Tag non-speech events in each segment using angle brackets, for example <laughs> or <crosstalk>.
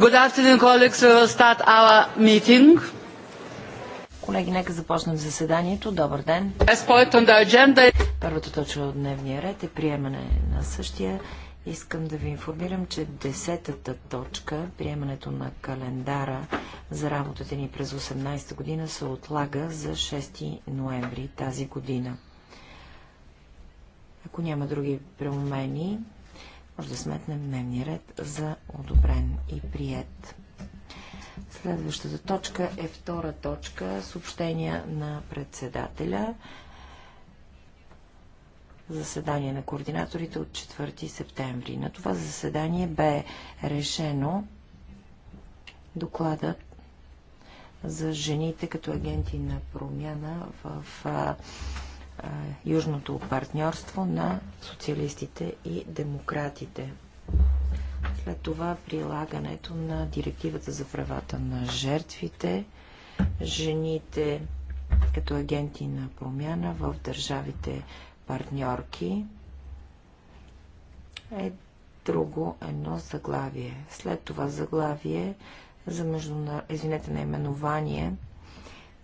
Good afternoon, colleagues. We will start our meeting. Колеги, нека започнем заседанието. Добър ден. Първата точка от дневния ред е приемане на същия. Искам да ви информирам, че десетата точка, приемането на календара за работата ни през 18-та година, се отлага за 6 ноември тази година. Ако няма други промени, може да сметнем дневния ред за одобрен и прият. Следващата точка е втора точка съобщения на председателя. Заседание на координаторите от 4 септември. На това заседание бе решено докладът за жените като агенти на промяна в Южното партньорство на социалистите и демократите. След това прилагането на директивата за правата на жертвите, жените като агенти на промяна в държавите партньорки е друго едно заглавие. След това заглавие за междуна... извинете, наименование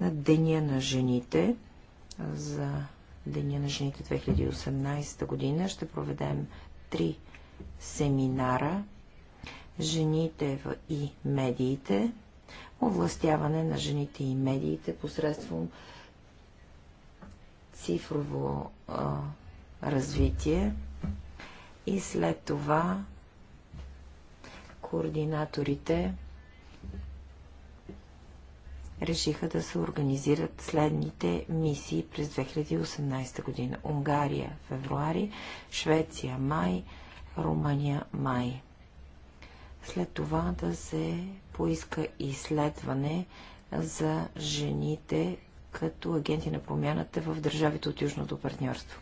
на Деня на жените за Деня на жените 2018 година ще проведем три семинара Жените и медиите, овластяване на жените и медиите посредством цифрово а, развитие и след това координаторите решиха да се организират следните мисии през 2018 година. Унгария – февруари, Швеция – май, Румъния – май. След това да се поиска изследване за жените като агенти на промяната в държавите от Южното партньорство.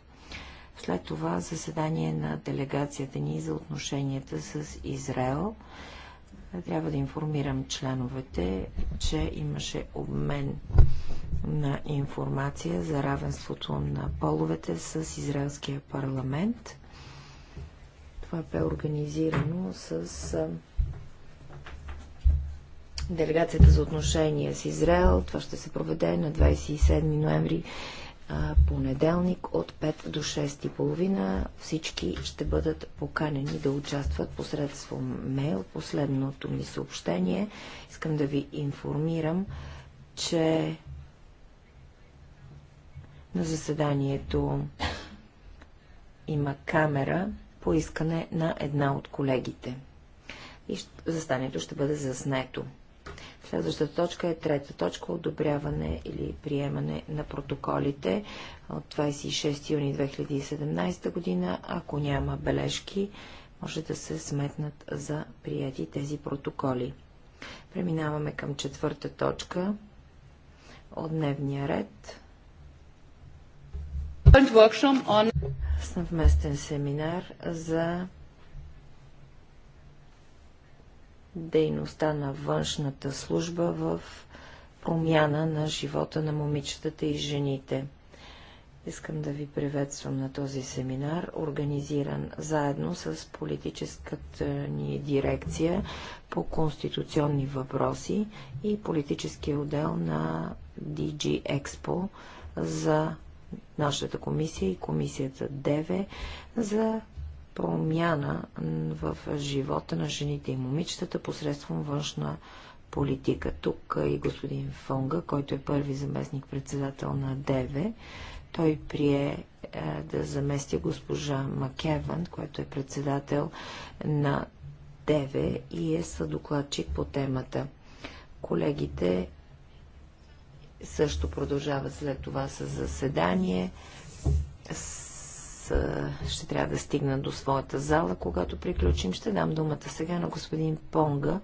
След това заседание на делегацията ни за отношенията с Израел – трябва да информирам членовете, че имаше обмен на информация за равенството на половете с Израелския парламент. Това бе организирано с делегацията за отношения с Израел. Това ще се проведе на 27 ноември понеделник от 5 до 6 половина всички ще бъдат поканени да участват посредством мейл. Последното ми съобщение искам да ви информирам, че на заседанието има камера по искане на една от колегите. И застанието ще бъде заснето. Следващата точка е трета точка – одобряване или приемане на протоколите от 26 юни 2017 година. Ако няма бележки, може да се сметнат за прияти тези протоколи. Преминаваме към четвърта точка от дневния ред. Съвместен семинар за дейността на външната служба в промяна на живота на момичетата и жените. Искам да ви приветствам на този семинар, организиран заедно с политическата ни дирекция по конституционни въпроси и политическия отдел на DG Expo за нашата комисия и комисията ДВ за промяна в живота на жените и момичетата посредством външна политика. Тук е и господин Фонга, който е първи заместник председател на ДВ, той прие е, да замести госпожа Макеван, който е председател на ДВ и е съдокладчик по темата. Колегите също продължават след това с заседание. С аз ще трябва да стигна до своята зала, когато приключим. Ще дам думата сега на господин Понга,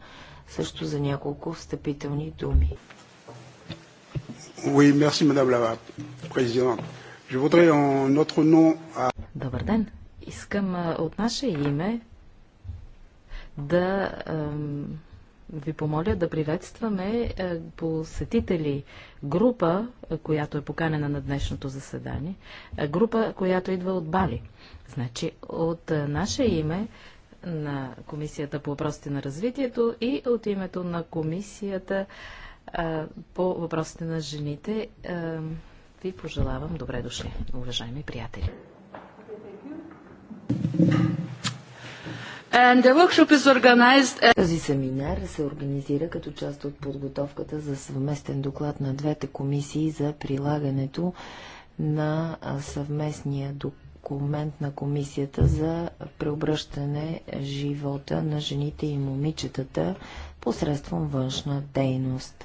също за няколко встъпителни думи. Oui, merci, madame la présidente. Je voudrais en notre nom euh, Добър ден. Искам от наше име да ви помоля да приветстваме е, посетители група, която е поканена на днешното заседание, е, група, която идва от Бали. Значи от е, наше име на Комисията по въпросите на развитието и от името на Комисията по въпросите на жените ви пожелавам добре дошли, уважаеми приятели. Thank you. Този семинар се организира като част от подготовката за съвместен доклад на двете комисии за прилагането на съвместния документ на комисията за преобръщане живота на жените и момичетата посредством външна дейност.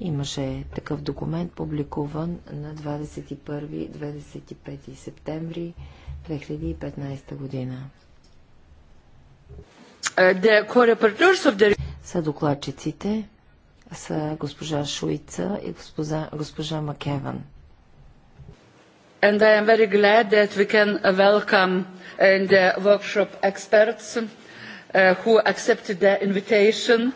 Имаше такъв документ, публикуван на 21-25 септември 2015 година. The... Са докладчиците са госпожа Шуица и госпожа, госпожа Макеван. And I am very glad that we can welcome in the workshop experts uh, who accepted the invitation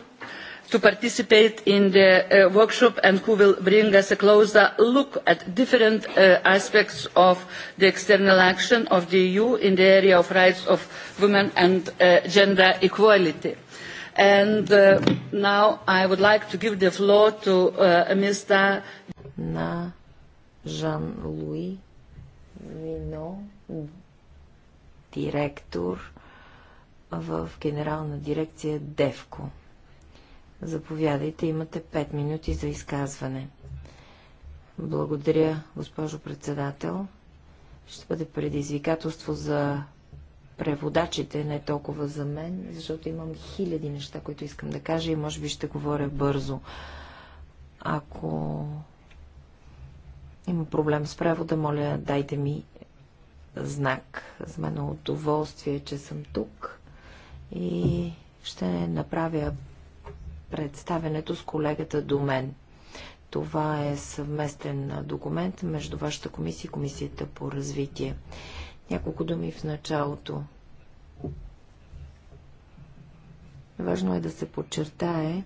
to participate in the workshop and who will bring us a closer look at different aspects of the external action of the EU in the area of rights of women and gender equality. And now I would like to give the floor to Mr. Jean-Louis Вино, директор в Генерална дирекция ДЕВКО. Заповядайте, имате 5 минути за изказване. Благодаря, госпожо председател. Ще бъде предизвикателство за преводачите, не толкова за мен, защото имам хиляди неща, които искам да кажа и може би ще говоря бързо. Ако има проблем с превода, моля, дайте ми знак. За мен е удоволствие, че съм тук и ще направя представенето с колегата до мен. Това е съвместен документ между вашата комисия и комисията по развитие. Няколко думи в началото. Важно е да се подчертае,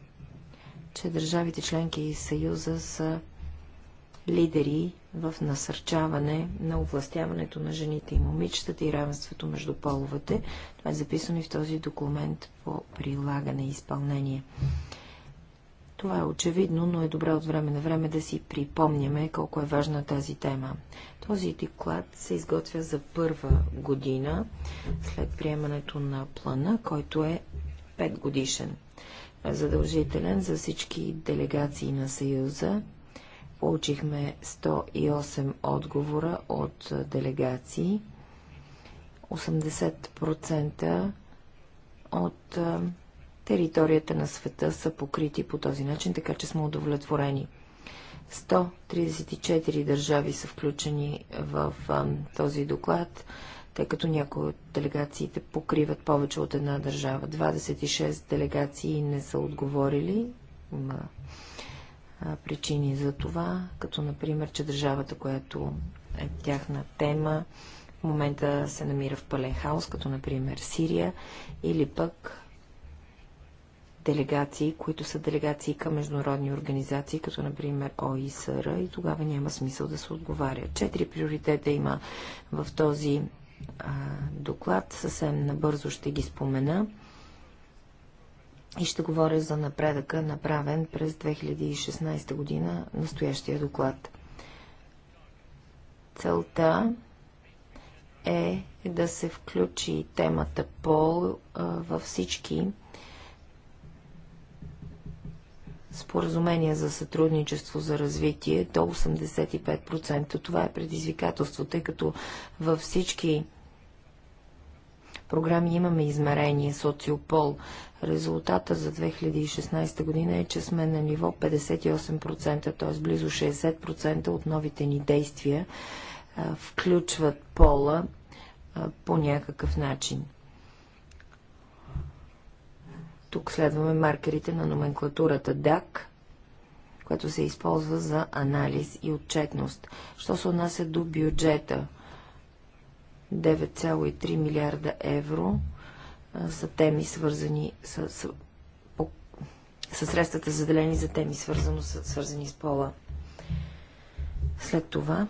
че държавите членки и Съюза са лидери в насърчаване на овластяването на жените и момичетата и равенството между половете. Това е записано и в този документ по прилагане и изпълнение. Това е очевидно, но е добре от време на време да си припомняме колко е важна тази тема. Този доклад се изготвя за първа година след приемането на плана, който е 5 годишен. Е задължителен за всички делегации на Съюза Получихме 108 отговора от делегации. 80% от територията на света са покрити по този начин, така че сме удовлетворени. 134 държави са включени в този доклад, тъй като някои от делегациите покриват повече от една държава. 26 делегации не са отговорили причини за това, като например, че държавата, която е тяхна тема, в момента се намира в пълен хаос, като например Сирия, или пък делегации, които са делегации към международни организации, като например ОИСР, и тогава няма смисъл да се отговаря. Четири приоритета има в този а, доклад, съвсем набързо ще ги спомена и ще говоря за напредъка, направен през 2016 година, настоящия доклад. Целта е да се включи темата пол във всички споразумения за сътрудничество за развитие до 85%. Това е предизвикателство, тъй като във всички програми имаме измерение социопол. Резултата за 2016 година е, че сме на ниво 58%, т.е. близо 60% от новите ни действия включват пола по някакъв начин. Тук следваме маркерите на номенклатурата DAC, което се използва за анализ и отчетност. Що се отнася до бюджета? 9,3 милиарда евро за са теми свързани с, с, по, с средствата заделени за теми свързано с, свързани с пола. След това,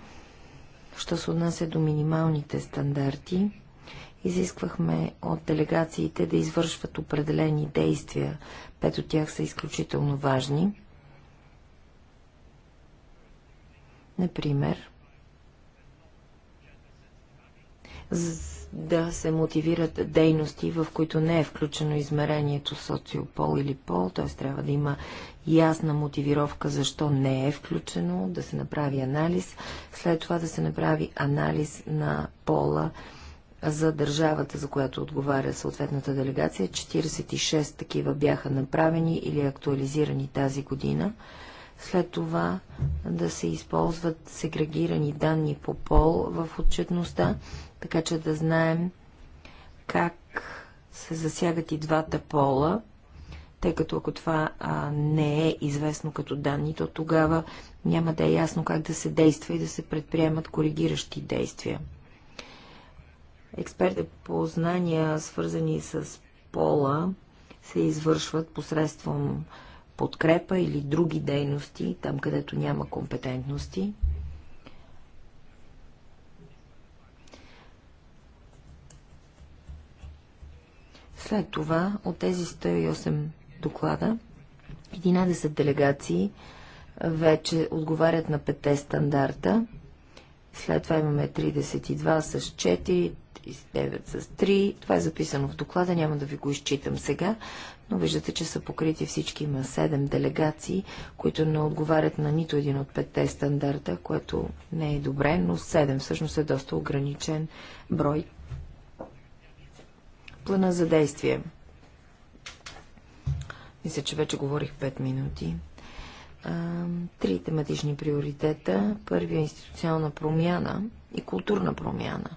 що се отнася до минималните стандарти, изисквахме от делегациите да извършват определени действия. Пет от тях са изключително важни. Например, да се мотивират дейности, в които не е включено измерението социопол или пол, т.е. трябва да има ясна мотивировка защо не е включено, да се направи анализ, след това да се направи анализ на пола за държавата, за която отговаря съответната делегация. 46 такива бяха направени или актуализирани тази година след това да се използват сегрегирани данни по пол в отчетността, така че да знаем как се засягат и двата пола, тъй като ако това а, не е известно като данни, то тогава няма да е ясно как да се действа и да се предприемат коригиращи действия. Експерти по знания, свързани с пола, се извършват посредством подкрепа или други дейности, там където няма компетентности. След това от тези 108 доклада 11 делегации вече отговарят на 5 стандарта след това имаме 32 с 4, 39 с 3. Това е записано в доклада, няма да ви го изчитам сега, но виждате, че са покрити всички. Има 7 делегации, които не отговарят на нито един от петте стандарта, което не е добре, но 7 всъщност е доста ограничен брой. Плана за действие. Мисля, че вече говорих 5 минути три тематични приоритета. Първия е институционална промяна и културна промяна.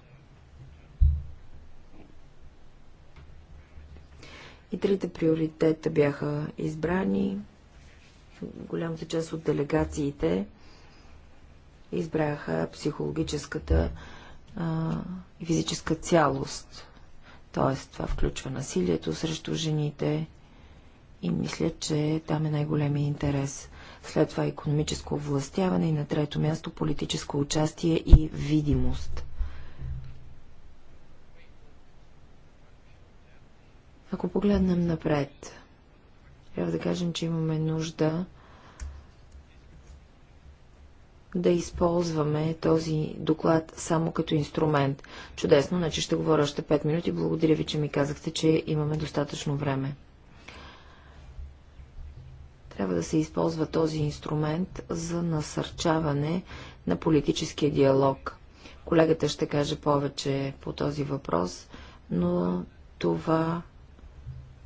И трите приоритета бяха избрани. Голямата част от делегациите избраха психологическата и физическа цялост. Тоест, това включва насилието срещу жените и мисля, че там е най-големия интерес – след това економическо властяване и на трето място политическо участие и видимост. Ако погледнем напред, трябва да кажем, че имаме нужда да използваме този доклад само като инструмент. Чудесно, значи ще говоря още 5 минути. Благодаря ви, че ми казахте, че имаме достатъчно време трябва да се използва този инструмент за насърчаване на политическия диалог. Колегата ще каже повече по този въпрос, но това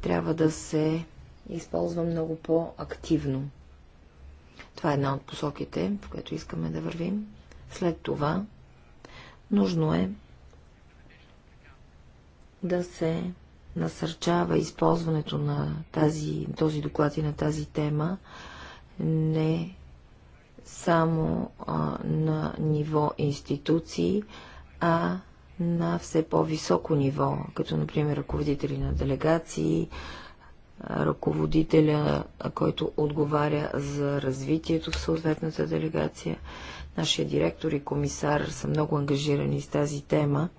трябва да се използва много по-активно. Това е една от посоките, в която искаме да вървим. След това нужно е да се насърчава използването на тази, този доклад и на тази тема не само а, на ниво институции, а на все по-високо ниво, като например ръководители на делегации, ръководителя, който отговаря за развитието в съответната делегация. Нашия директор и комисар са много ангажирани с тази тема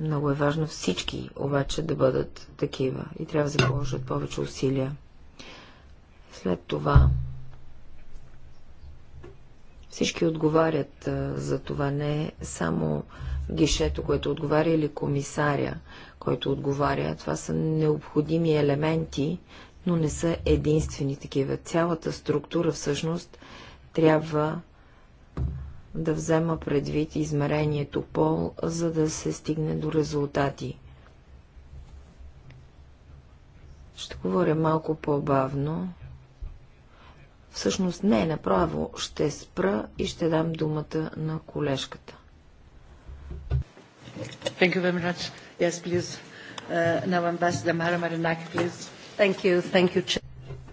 Много е важно всички обаче да бъдат такива и трябва да положат повече усилия. След това всички отговарят за това, не само гишето, което отговаря или комисаря, който отговаря. Това са необходими елементи, но не са единствени такива. Цялата структура всъщност трябва да взема предвид измерението пол, за да се стигне до резултати. Ще говоря малко по-бавно. Всъщност не, направо ще спра и ще дам думата на колежката. Thank you very much. Yes, please. Uh, now Ambassador Mara please. Thank you. Thank you.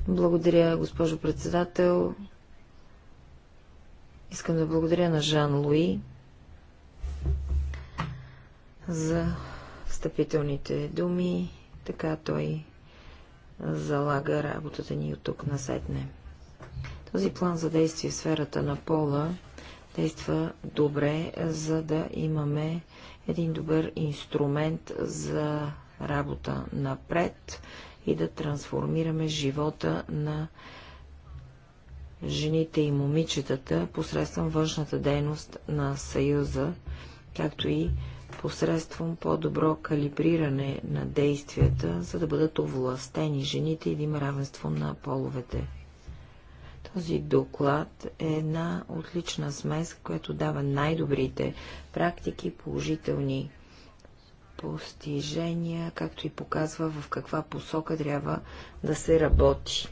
Благодаря, госпожо председател. Искам да благодаря на Жан Луи за встъпителните думи. Така той залага работата ни от тук на сетне. Този план за действие в сферата на пола действа добре, за да имаме един добър инструмент за работа напред и да трансформираме живота на жените и момичетата посредством външната дейност на Съюза, както и посредством по-добро калибриране на действията, за да бъдат овластени жените и да има равенство на половете. Този доклад е една отлична смес, която дава най-добрите практики, положителни постижения, както и показва в каква посока трябва да се работи.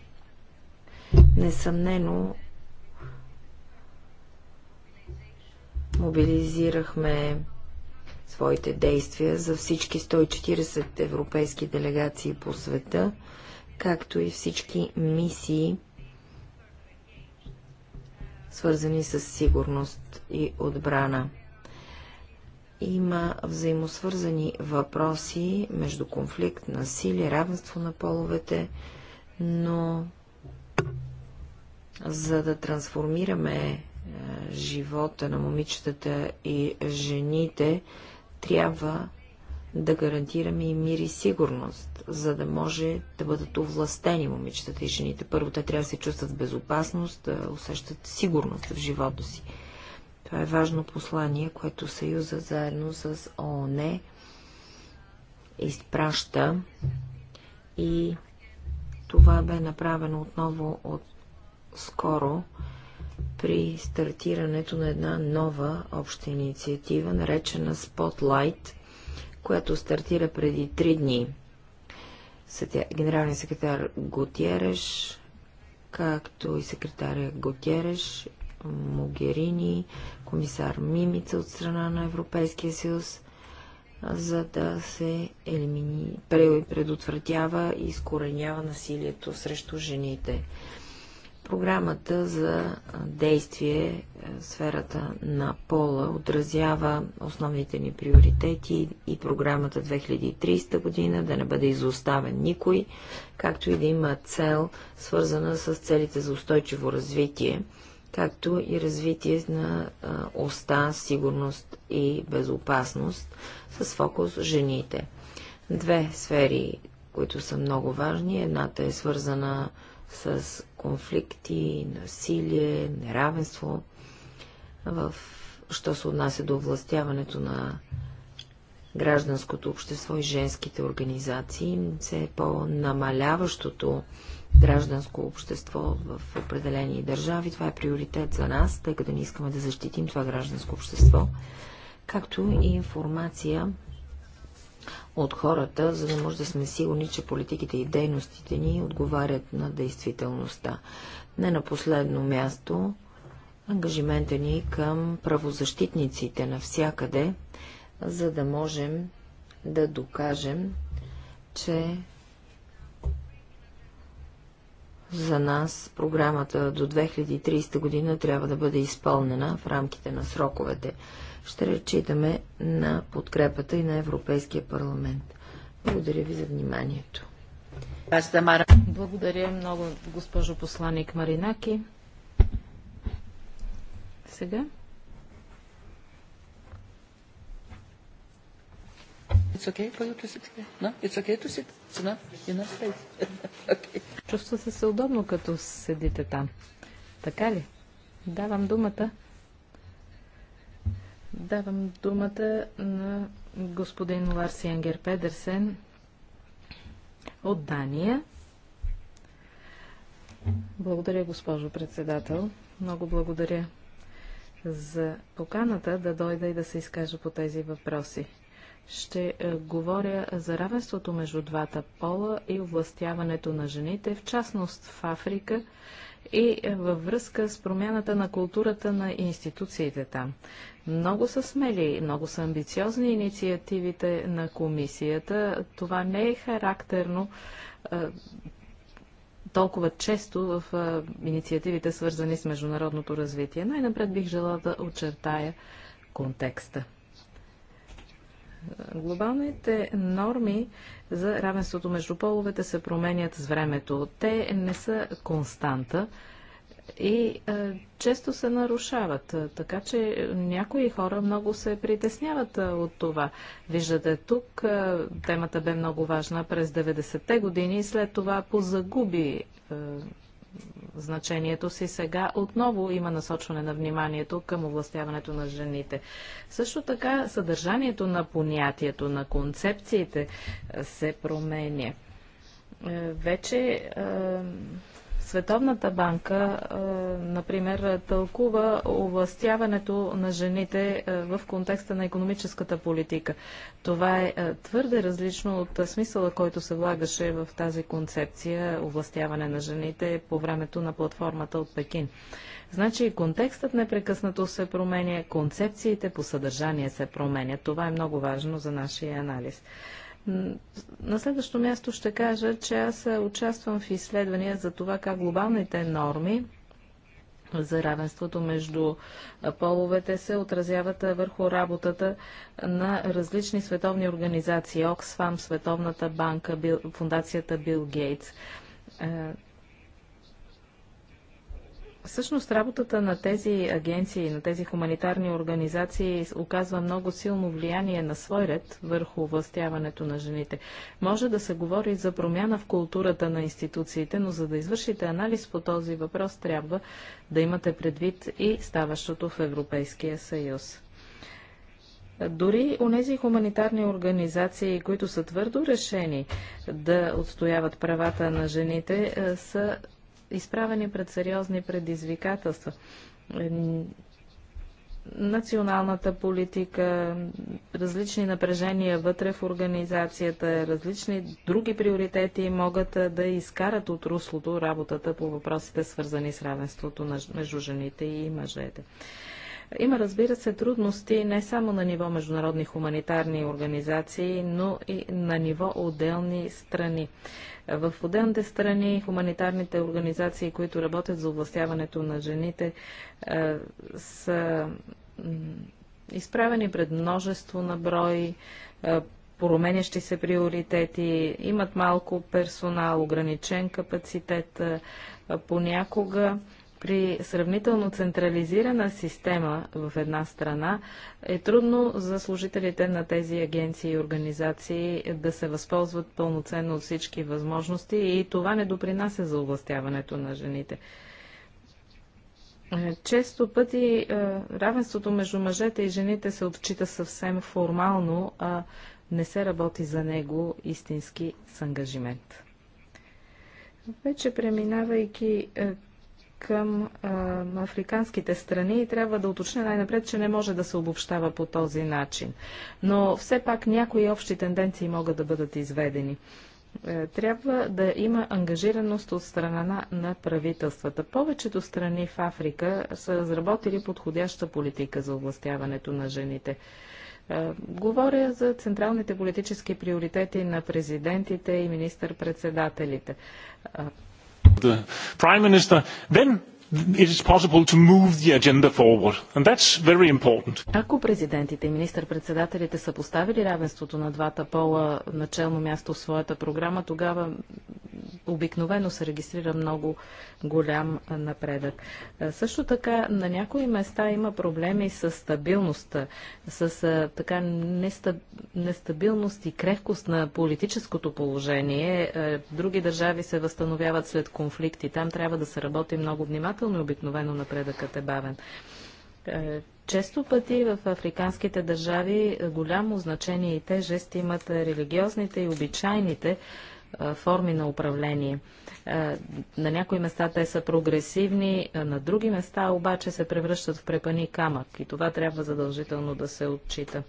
Несъмнено мобилизирахме своите действия за всички 140 европейски делегации по света, както и всички мисии, свързани с сигурност и отбрана. Има взаимосвързани въпроси между конфликт, насилие, равенство на половете, но за да трансформираме е, живота на момичетата и жените, трябва да гарантираме и мир и сигурност, за да може да бъдат овластени момичетата и жените. Първо те трябва да се чувстват в безопасност, да усещат сигурност в живота си. Това е важно послание, което Съюза заедно с ООН изпраща и това бе направено отново от скоро при стартирането на една нова обща инициатива, наречена Spotlight, която стартира преди три дни. Генералният секретар Готиереш, както и секретаря Готиереш, Могерини, комисар Мимица от страна на Европейския съюз, за да се елимини... предотвратява и изкоренява насилието срещу жените. Програмата за действие е, в сферата на пола отразява основните ни приоритети и програмата 2030 година да не бъде изоставен никой, както и да има цел, свързана с целите за устойчиво развитие, както и развитие на оста, сигурност и безопасност с фокус жените. Две сфери, които са много важни. Едната е свързана с конфликти, насилие, неравенство, в... що се отнася до властяването на гражданското общество и женските организации, все по-намаляващото гражданско общество в определени държави. Това е приоритет за нас, тъй като не искаме да защитим това гражданско общество, както и информация от хората, за да може да сме сигурни, че политиките и дейностите ни отговарят на действителността. Не на последно място, ангажимента ни към правозащитниците навсякъде, за да можем да докажем, че за нас програмата до 2030 година трябва да бъде изпълнена в рамките на сроковете. Ще речитаме на подкрепата и на Европейския парламент. Благодаря ви за вниманието. Благодаря много, госпожо посланник Маринаки. Сега. It's okay for you to sit here. No, it's okay to sit цена и на <laughs> okay. Чувствате се удобно, като седите там. Така ли? Давам думата. Давам думата на господин Ларс Янгер Педерсен от Дания. Благодаря, госпожо председател. Много благодаря за поканата да дойда и да се изкажа по тези въпроси ще е, говоря за равенството между двата пола и овластяването на жените, в частност в Африка и е, във връзка с промяната на културата на институциите там. Много са смели, много са амбициозни инициативите на комисията. Това не е характерно е, толкова често в инициативите, свързани с международното развитие. Най-напред бих желала да очертая контекста. Глобалните норми за равенството между половете се променят с времето. Те не са константа и а, често се нарушават. Така че някои хора много се притесняват а, от това. Виждате тук, а, темата бе много важна през 90-те години и след това позагуби значението си сега отново има насочване на вниманието към овластяването на жените. Също така съдържанието на понятието, на концепциите е, се променя. Е, вече е, Световната банка, например, тълкува овластяването на жените в контекста на економическата политика. Това е твърде различно от смисъла, който се влагаше в тази концепция овластяване на жените по времето на платформата от Пекин. Значи контекстът непрекъснато се променя, концепциите по съдържание се променят. Това е много важно за нашия анализ. На следващо място ще кажа, че аз участвам в изследвания за това как глобалните норми за равенството между половете се отразяват върху работата на различни световни организации. Оксфам, Световната банка, Фундацията Бил Гейтс. Е, Всъщност работата на тези агенции, на тези хуманитарни организации оказва много силно влияние на свой ред върху властяването на жените. Може да се говори за промяна в културата на институциите, но за да извършите анализ по този въпрос трябва да имате предвид и ставащото в Европейския съюз. Дори нези хуманитарни организации, които са твърдо решени да отстояват правата на жените, е, са изправени пред сериозни предизвикателства. Националната политика, различни напрежения вътре в организацията, различни други приоритети могат да изкарат от руслото работата по въпросите, свързани с равенството между жените и мъжете. Има, разбира се, трудности не само на ниво международни хуманитарни организации, но и на ниво отделни страни. В отделните страни хуманитарните организации, които работят за областяването на жените, е, са изправени пред множество на брой е, променящи се приоритети, имат малко персонал, ограничен капацитет, е, понякога при сравнително централизирана система в една страна е трудно за служителите на тези агенции и организации да се възползват пълноценно от всички възможности и това не допринася за областяването на жените. Е, често пъти е, равенството между мъжете и жените се отчита съвсем формално, а не се работи за него истински с ангажимент. Вече преминавайки е, към а, африканските страни и трябва да уточня най-напред, че не може да се обобщава по този начин. Но все пак някои общи тенденции могат да бъдат изведени е, трябва да има ангажираност от страна на правителствата. Повечето страни в Африка са разработили подходяща политика за областяването на жените. Е, говоря за централните политически приоритети на президентите и министър-председателите. Е, the Prime Minister, then it is possible to move the agenda forward. And that's very important. Ако президентите и министър-председателите са поставили равенството на двата пола на челно място в своята програма, тогава обикновено се регистрира много голям напредък. Е, също така на някои места има проблеми с стабилността, с е, така нестаб... нестабилност и крехкост на политическото положение. Е, други държави се възстановяват след конфликти. Там трябва да се работи много внимателно положително и обикновено напредъкът е бавен. Е, често пъти в африканските държави е, голямо значение и те жест имат религиозните и обичайните е, форми на управление. На някои места те са прогресивни, на други места обаче се превръщат в препани камък и това трябва задължително да се отчита.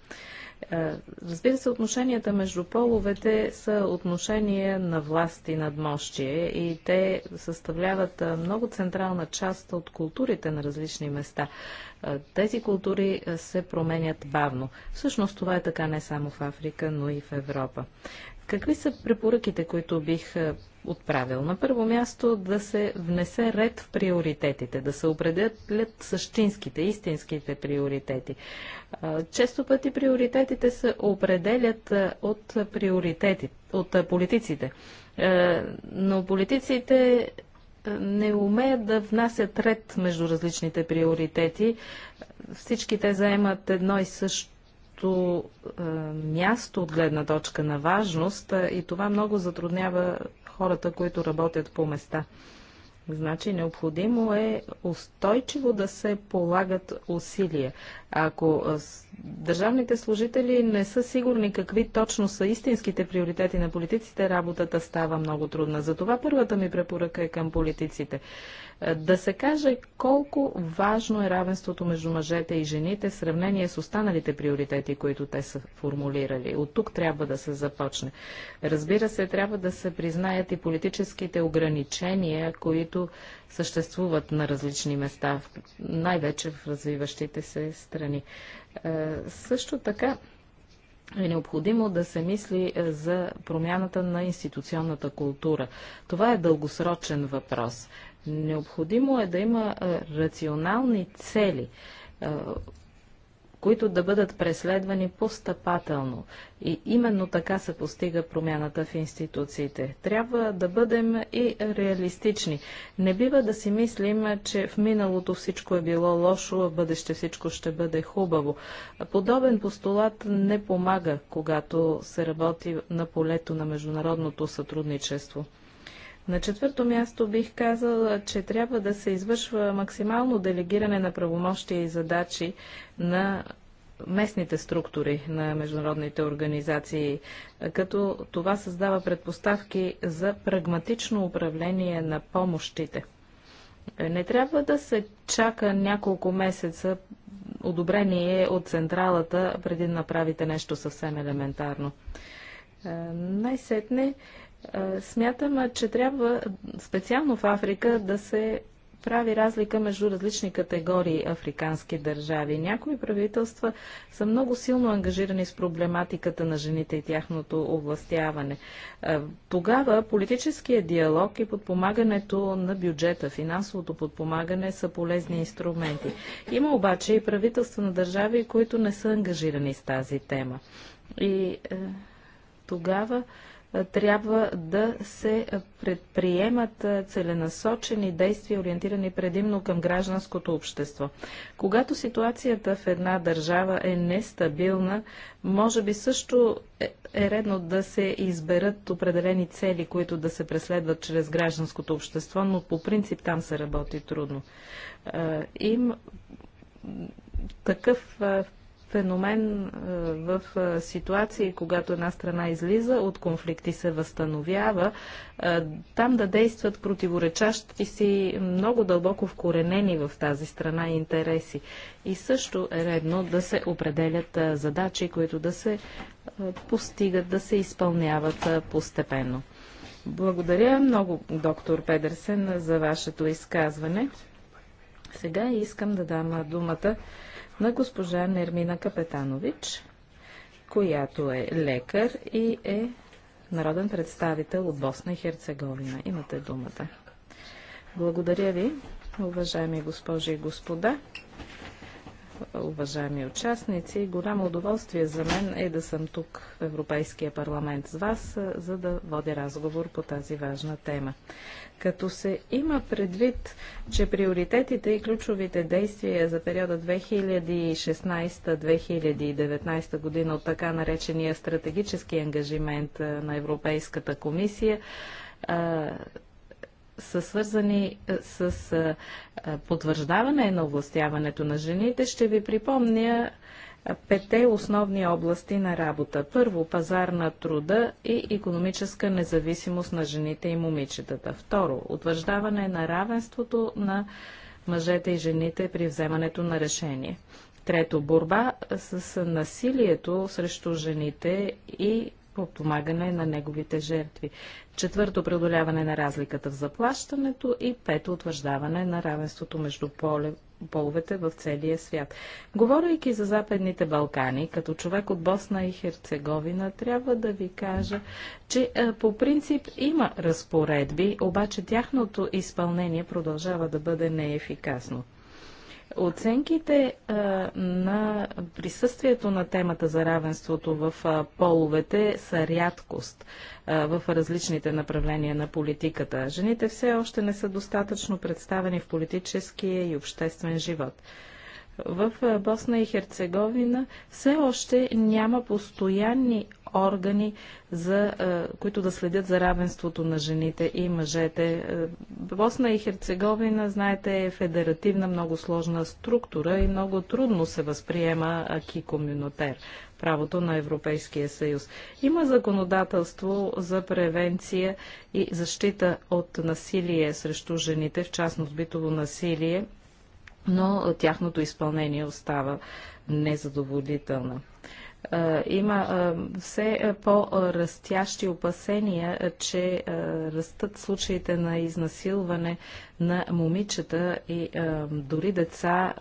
Е, разбира се, отношенията между половете са отношения на власт и надмощие и те съставляват е, много централна част от културите на различни места. Е, тези култури се променят бавно. Всъщност това е така не само в Африка, но и в Европа. Какви са препоръките, които бих отправил. На първо място да се внесе ред в приоритетите, да се определят същинските, истинските приоритети. Често пъти приоритетите се определят от, приоритети, от политиците. Но политиците не умеят да внасят ред между различните приоритети. Всички те заемат едно и също място от гледна точка на важност и това много затруднява хората, които работят по места. Значи необходимо е устойчиво да се полагат усилия. Ако държавните служители не са сигурни какви точно са истинските приоритети на политиците, работата става много трудна. Затова първата ми препоръка е към политиците. Е, да се каже колко важно е равенството между мъжете и жените в сравнение с останалите приоритети, които те са формулирали. От тук трябва да се започне. Разбира се, трябва да се признаят и политическите ограничения, които съществуват на различни места, най-вече в развиващите се страни. Е, също така, е необходимо да се мисли е, за промяната на институционната култура. Това е дългосрочен въпрос. Необходимо е да има рационални цели, които да бъдат преследвани постъпателно. И именно така се постига промяната в институциите. Трябва да бъдем и реалистични. Не бива да си мислим, че в миналото всичко е било лошо, а в бъдеще всичко ще бъде хубаво. Подобен постулат не помага, когато се работи на полето на международното сътрудничество. На четвърто място бих казала, че трябва да се извършва максимално делегиране на правомощия и задачи на местните структури на международните организации, като това създава предпоставки за прагматично управление на помощите. Не трябва да се чака няколко месеца одобрение от централата преди да направите нещо съвсем елементарно. Е, най-сетне е, смятам, че трябва специално в Африка да се прави разлика между различни категории африкански държави. Някои правителства са много силно ангажирани с проблематиката на жените и тяхното овластяване. Е, тогава политическия диалог и подпомагането на бюджета, финансовото подпомагане са полезни инструменти. Има обаче и правителства на държави, които не са ангажирани с тази тема. И е, тогава е, трябва да се предприемат е, целенасочени действия, ориентирани предимно към гражданското общество. Когато ситуацията в една държава е нестабилна, може би също е, е редно да се изберат определени цели, които да се преследват чрез гражданското общество, но по принцип там се работи трудно. Им такъв феномен в ситуации, когато една страна излиза от конфликти, се възстановява, там да действат противоречащи си много дълбоко вкоренени в тази страна интереси. И също е редно да се определят задачи, които да се постигат, да се изпълняват постепенно. Благодаря много, доктор Педерсен, за вашето изказване. Сега искам да дам думата на госпожа Нермина Капетанович, която е лекар и е народен представител от Босна и Херцеговина. Имате думата. Благодаря ви, уважаеми госпожи и господа уважаеми участници. Голямо удоволствие за мен е да съм тук в Европейския парламент с вас, за да водя разговор по тази важна тема. Като се има предвид, че приоритетите и ключовите действия за периода 2016-2019 година от така наречения стратегически ангажимент на Европейската комисия са свързани е, с е, е, потвърждаване на областяването на жените, ще ви припомня пете основни области на работа. Първо, пазар на труда и економическа независимост на жените и момичетата. Второ, утвърждаване на равенството на мъжете и жените при вземането на решение. Трето, борба с насилието срещу жените и подпомагане на неговите жертви. Четвърто, преодоляване на разликата в заплащането и пето, утвърждаване на равенството между поле, половете в целия свят. Говорейки за Западните Балкани, като човек от Босна и Херцеговина, трябва да ви кажа, че е, по принцип има разпоредби, обаче тяхното изпълнение продължава да бъде неефикасно. Оценките а, на присъствието на темата за равенството в а, половете са рядкост а, в различните направления на политиката. Жените все още не са достатъчно представени в политическия и обществен живот в Босна и Херцеговина все още няма постоянни органи, за, които да следят за равенството на жените и мъжете. Босна и Херцеговина, знаете, е федеративна, много сложна структура и много трудно се възприема аки комюнотер правото на Европейския съюз. Има законодателство за превенция и защита от насилие срещу жените, в частност битово насилие но тяхното изпълнение остава незадоволително има все по-растящи опасения, че растат случаите на изнасилване на момичета и дори деца,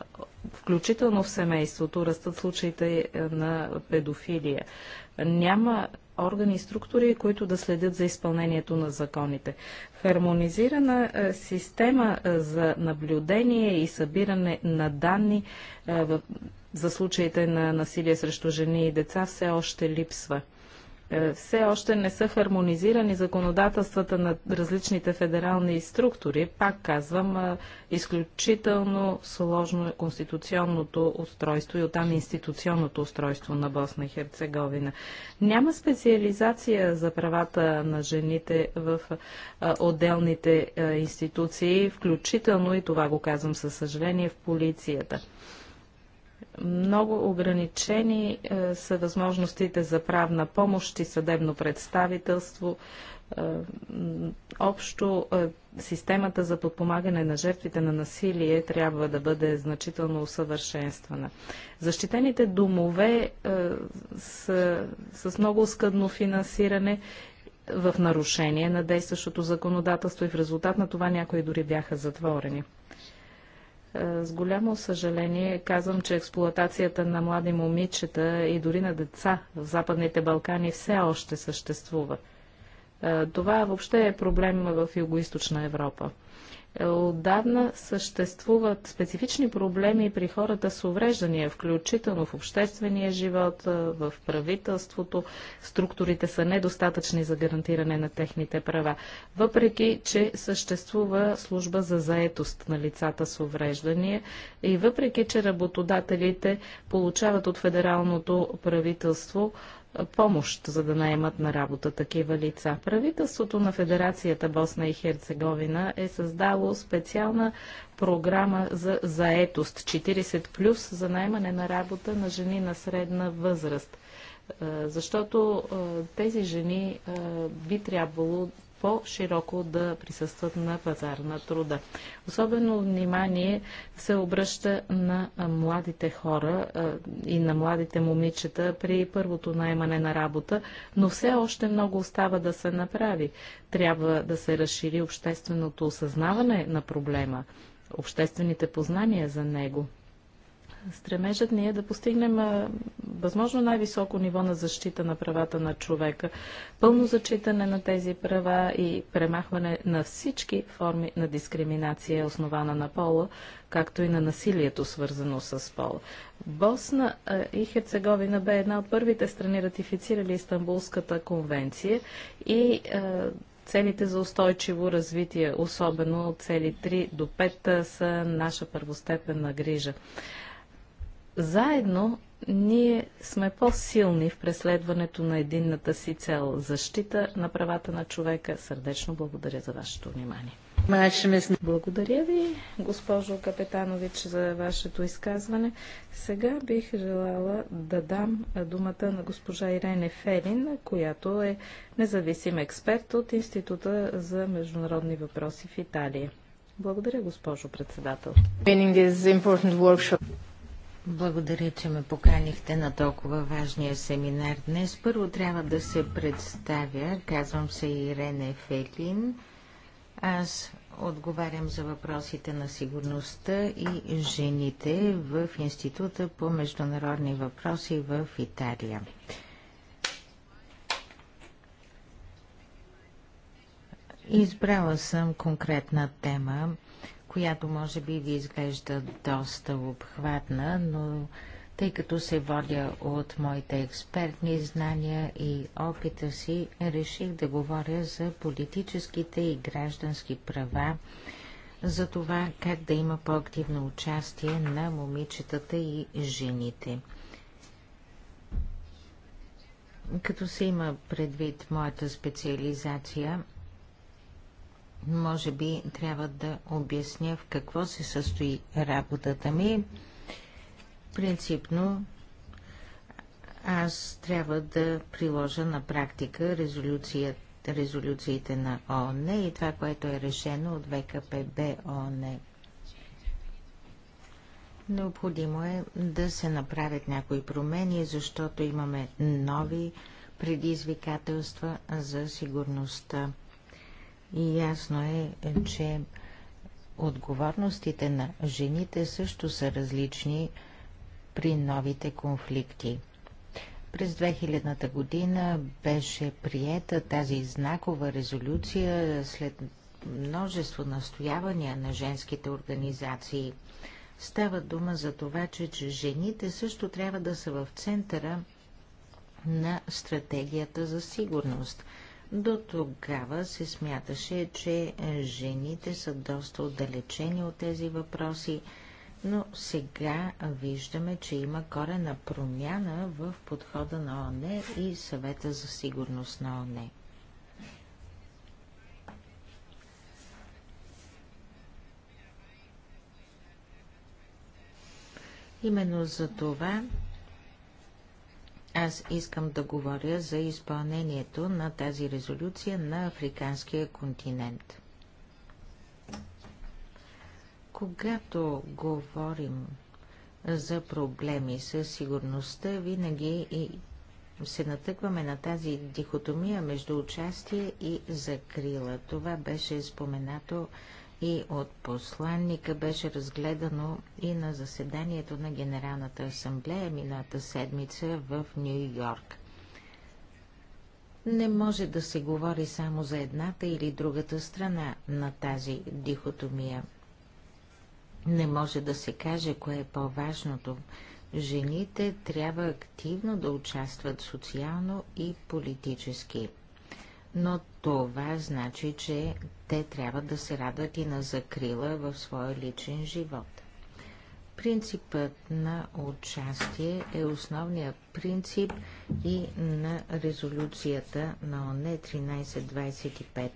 включително в семейството, растат случаите на педофилия. Няма органи и структури, които да следят за изпълнението на законите. Хармонизирана е, система е, за наблюдение и събиране на данни е, за случаите на насилие срещу жени и деца все още липсва. Е, все още не са хармонизирани законодателствата на различните федерални структури. Пак казвам, е, изключително сложно е конституционното устройство и оттам институционното устройство на Босна и Херцеговина. Няма специализация за правата на жените в е, отделните институции, включително и това го казвам със съжаление в полицията. Много ограничени е, са възможностите за правна помощ и съдебно представителство. Е, общо е, системата за подпомагане на жертвите на насилие трябва да бъде значително усъвършенствана. Защитените домове е, са с много скъдно финансиране в нарушение на действащото законодателство и в резултат на това някои дори бяха затворени. Е, с голямо съжаление казвам, че експлуатацията на млади момичета и дори на деца в Западните Балкани все още съществува. Е, това въобще е проблем в Юго-Источна Европа. Отдавна съществуват специфични проблеми при хората с увреждания, включително в обществения живот, в правителството. Структурите са недостатъчни за гарантиране на техните права, въпреки че съществува служба за заетост на лицата с увреждания и въпреки че работодателите получават от федералното правителство помощ, за да наемат на работа такива лица. Правителството на Федерацията Босна и Херцеговина е създало специална програма за заетост 40 плюс за наемане на работа на жени на средна възраст. Е, защото е, тези жени е, би трябвало по-широко да присъстват на пазар на труда. Особено внимание се обръща на младите хора и на младите момичета при първото наймане на работа, но все още много остава да се направи. Трябва да се разшири общественото осъзнаване на проблема, обществените познания за него. Стремежът ни е да постигнем възможно най-високо ниво на защита на правата на човека, пълно зачитане на тези права и премахване на всички форми на дискриминация, основана на пола, както и на насилието, свързано с пола. Босна и Херцеговина бе една от първите страни ратифицирали Истанбулската конвенция и целите за устойчиво развитие, особено цели 3 до 5, са наша първостепенна грижа. Заедно ние сме по-силни в преследването на единната си цел – защита на правата на човека. Сърдечно благодаря за вашето внимание. Благодаря ви, госпожо Капетанович, за вашето изказване. Сега бих желала да дам думата на госпожа Ирене Фелин, която е независим експерт от Института за международни въпроси в Италия. Благодаря, госпожо председател. Благодаря, че ме поканихте на толкова важния семинар днес. Първо трябва да се представя. Казвам се Ирене Фелин. Аз отговарям за въпросите на сигурността и жените в Института по международни въпроси в Италия. Избрала съм конкретна тема която може би ви изглежда доста обхватна, но тъй като се водя от моите експертни знания и опита си, реших да говоря за политическите и граждански права, за това как да има по-активно участие на момичетата и жените. Като се има предвид моята специализация, може би трябва да обясня в какво се състои работата ми. Принципно аз трябва да приложа на практика резолюциите на ООН и това, което е решено от ВКПБ ООН. Необходимо е да се направят някои промени, защото имаме нови предизвикателства за сигурността. И ясно е, е, че отговорностите на жените също са различни при новите конфликти. През 2000-та година беше приета тази знакова резолюция след множество настоявания на женските организации. Става дума за това, че, че жените също трябва да са в центъра на стратегията за сигурност – до тогава се смяташе, че жените са доста отдалечени от тези въпроси, но сега виждаме, че има корена промяна в подхода на ОНЕ и съвета за сигурност на ОНЕ. Именно за това аз искам да говоря за изпълнението на тази резолюция на африканския континент. Когато говорим за проблеми с сигурността, винаги и се натъкваме на тази дихотомия между участие и закрила. Това беше споменато и от посланника беше разгледано и на заседанието на Генералната асамблея мината седмица в Нью Йорк. Не може да се говори само за едната или другата страна на тази дихотомия. Не може да се каже кое е по-важното. Жените трябва активно да участват социално и политически но това значи, че те трябва да се радват и на закрила в своя личен живот. Принципът на участие е основният принцип и на резолюцията на ОНЕ 1325.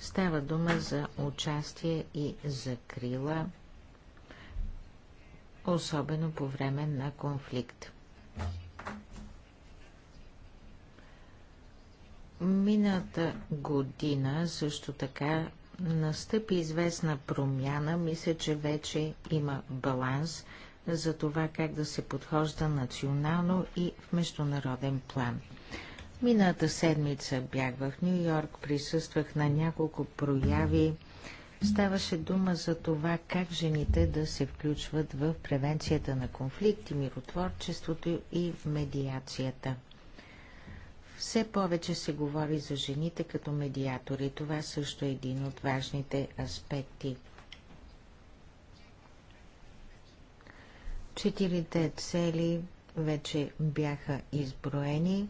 Става дума за участие и закрила, особено по време на конфликт. Мината година също така настъпи известна промяна. Мисля, че вече има баланс за това как да се подхожда национално и в международен план. Мината седмица бях в Нью Йорк, присъствах на няколко прояви. Ставаше дума за това как жените да се включват в превенцията на конфликти, миротворчеството и медиацията – все повече се говори за жените като медиатори. Това също е един от важните аспекти. Четирите цели вече бяха изброени.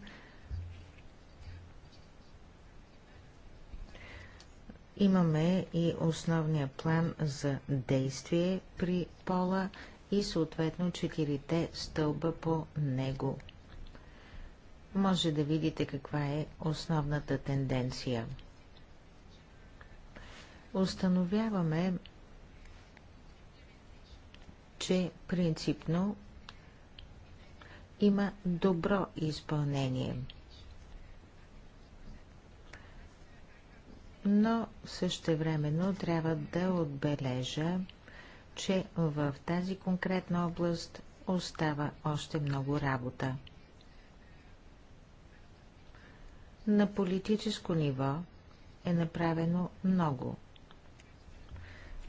Имаме и основния план за действие при пола и съответно четирите стълба по него – може да видите каква е основната тенденция. Установяваме, че принципно има добро изпълнение. Но същевременно трябва да отбележа, че в тази конкретна област остава още много работа. На политическо ниво е направено много.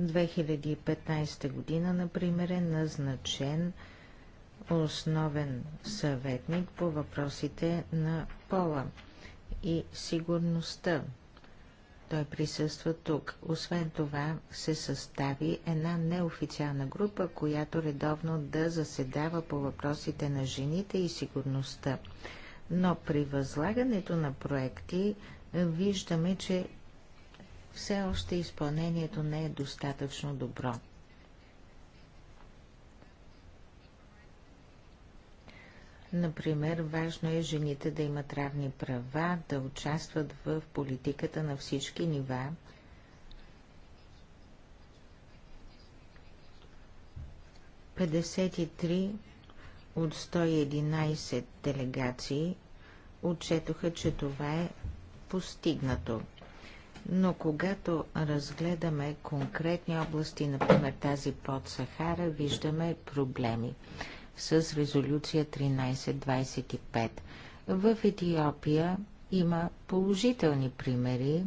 2015 година, например, е назначен основен съветник по въпросите на пола и сигурността. Той присъства тук. Освен това се състави една неофициална група, която редовно да заседава по въпросите на жените и сигурността но при възлагането на проекти е, виждаме, че все още изпълнението не е достатъчно добро. Например, важно е жените да имат равни права, да участват в политиката на всички нива от 111 делегации отчетоха, че това е постигнато. Но когато разгледаме конкретни области, например тази под Сахара, виждаме проблеми с резолюция 1325. В Етиопия има положителни примери.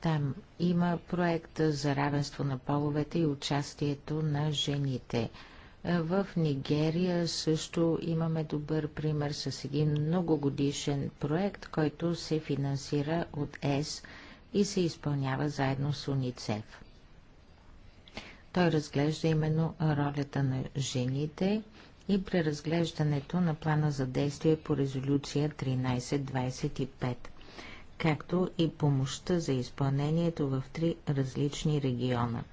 Там има проект за равенство на половете и участието на жените – е, в Нигерия също имаме добър пример с един многогодишен проект, който се финансира от ЕС и се изпълнява заедно с УНИЦЕФ. Той разглежда именно ролята на жените и преразглеждането на плана за действие по резолюция 1325, както и помощта за изпълнението в три различни региона –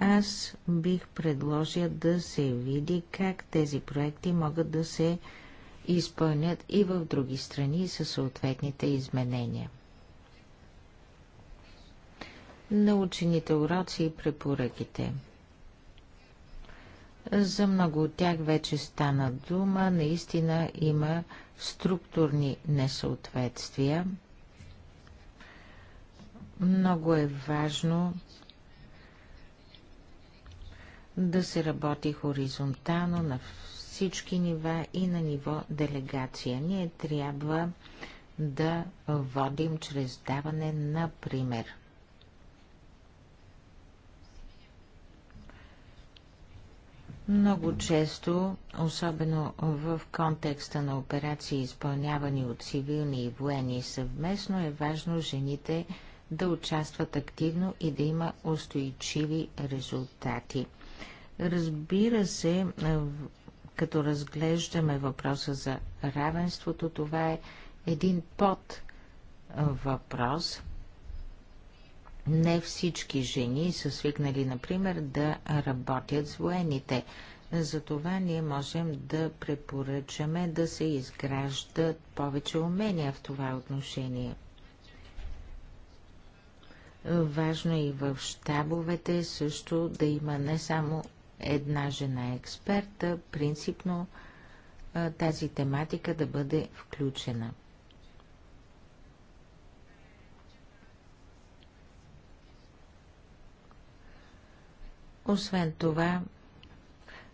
аз бих предложил да се види как тези проекти могат да се изпълнят и в други страни със съответните изменения. Научените уроци и препоръките За много от тях вече стана дума, наистина има структурни несъответствия. Много е важно да се работи хоризонтално на всички нива и на ниво делегация. Ние трябва да водим чрез даване на пример. Много често, особено в контекста на операции, изпълнявани от цивилни и военни съвместно, е важно жените да участват активно и да има устойчиви резултати – Разбира се, като разглеждаме въпроса за равенството, това е един под въпрос. Не всички жени са свикнали, например, да работят с военните. Затова ние можем да препоръчаме да се изграждат повече умения в това отношение. Важно е и в щабовете също да има не само Една жена е експерта, принципно тази тематика да бъде включена. Освен това,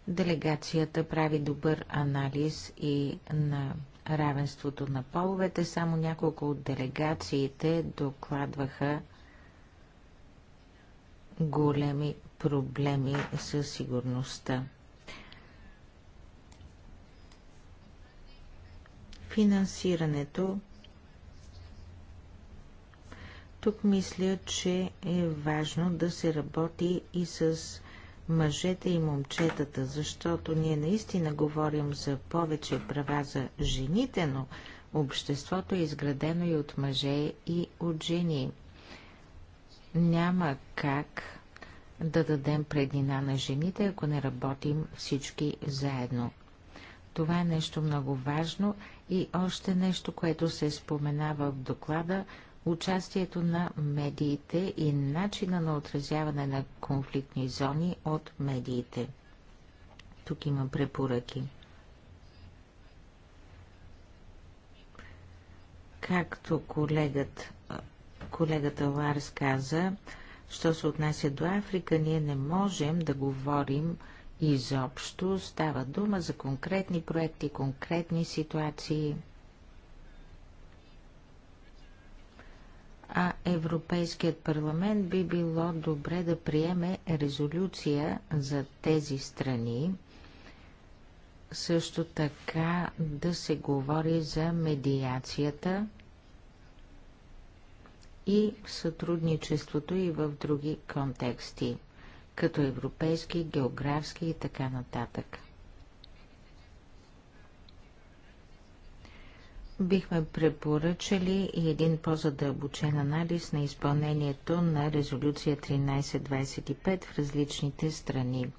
делегацията прави добър анализ и на равенството на половете. Само няколко от делегациите докладваха големи проблеми със сигурността. Финансирането. Тук мисля, че е важно да се работи и с мъжете и момчетата, защото ние наистина говорим за повече права за жените, но обществото е изградено и от мъже и от жени. Няма как да дадем преднина на жените, ако не работим всички заедно. Това е нещо много важно и още нещо, което се споменава в доклада участието на медиите и начина на отразяване на конфликтни зони от медиите. Тук има препоръки. Както колегът, колегата Ларс каза, Що се отнася до Африка, ние не можем да говорим изобщо. Става дума за конкретни проекти, конкретни ситуации. а Европейският парламент би било добре да приеме резолюция за тези страни. Също така да се говори за медиацията и в сътрудничеството и в други контексти, като европейски, географски и така нататък. Бихме препоръчали и един по-задълбочен анализ на изпълнението на резолюция 1325 в различните страни.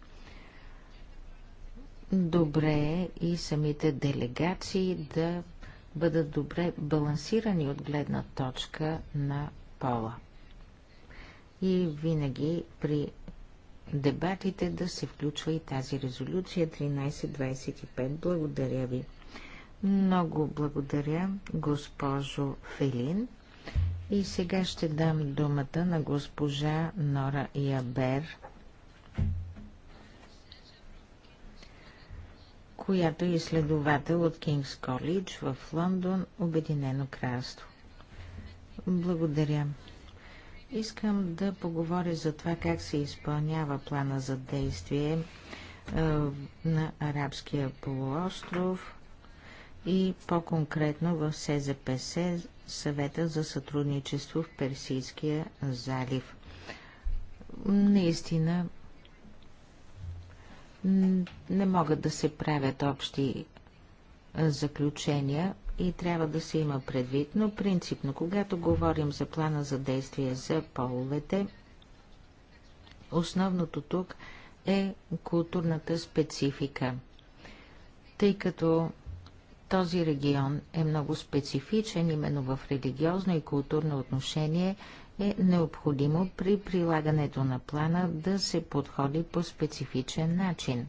Добре е и самите делегации да бъдат добре балансирани от гледна точка на пола. И винаги при дебатите да се включва и тази резолюция 1325. Благодаря ви. Много благодаря, госпожо Фелин. И сега ще дам думата на госпожа Нора Ябер която е изследовател от Кингс Колидж в Лондон, Обединено кралство. Благодаря. Искам да поговоря за това как се изпълнява плана за действие е, на Арабския полуостров и по-конкретно в СЗПС, съвета за сътрудничество в Персийския залив. Наистина не могат да се правят общи заключения и трябва да се има предвид, но принципно, когато говорим за плана за действие за половете, основното тук е културната специфика, тъй като този регион е много специфичен именно в религиозно и културно отношение, е необходимо при прилагането на плана да се подходи по специфичен начин.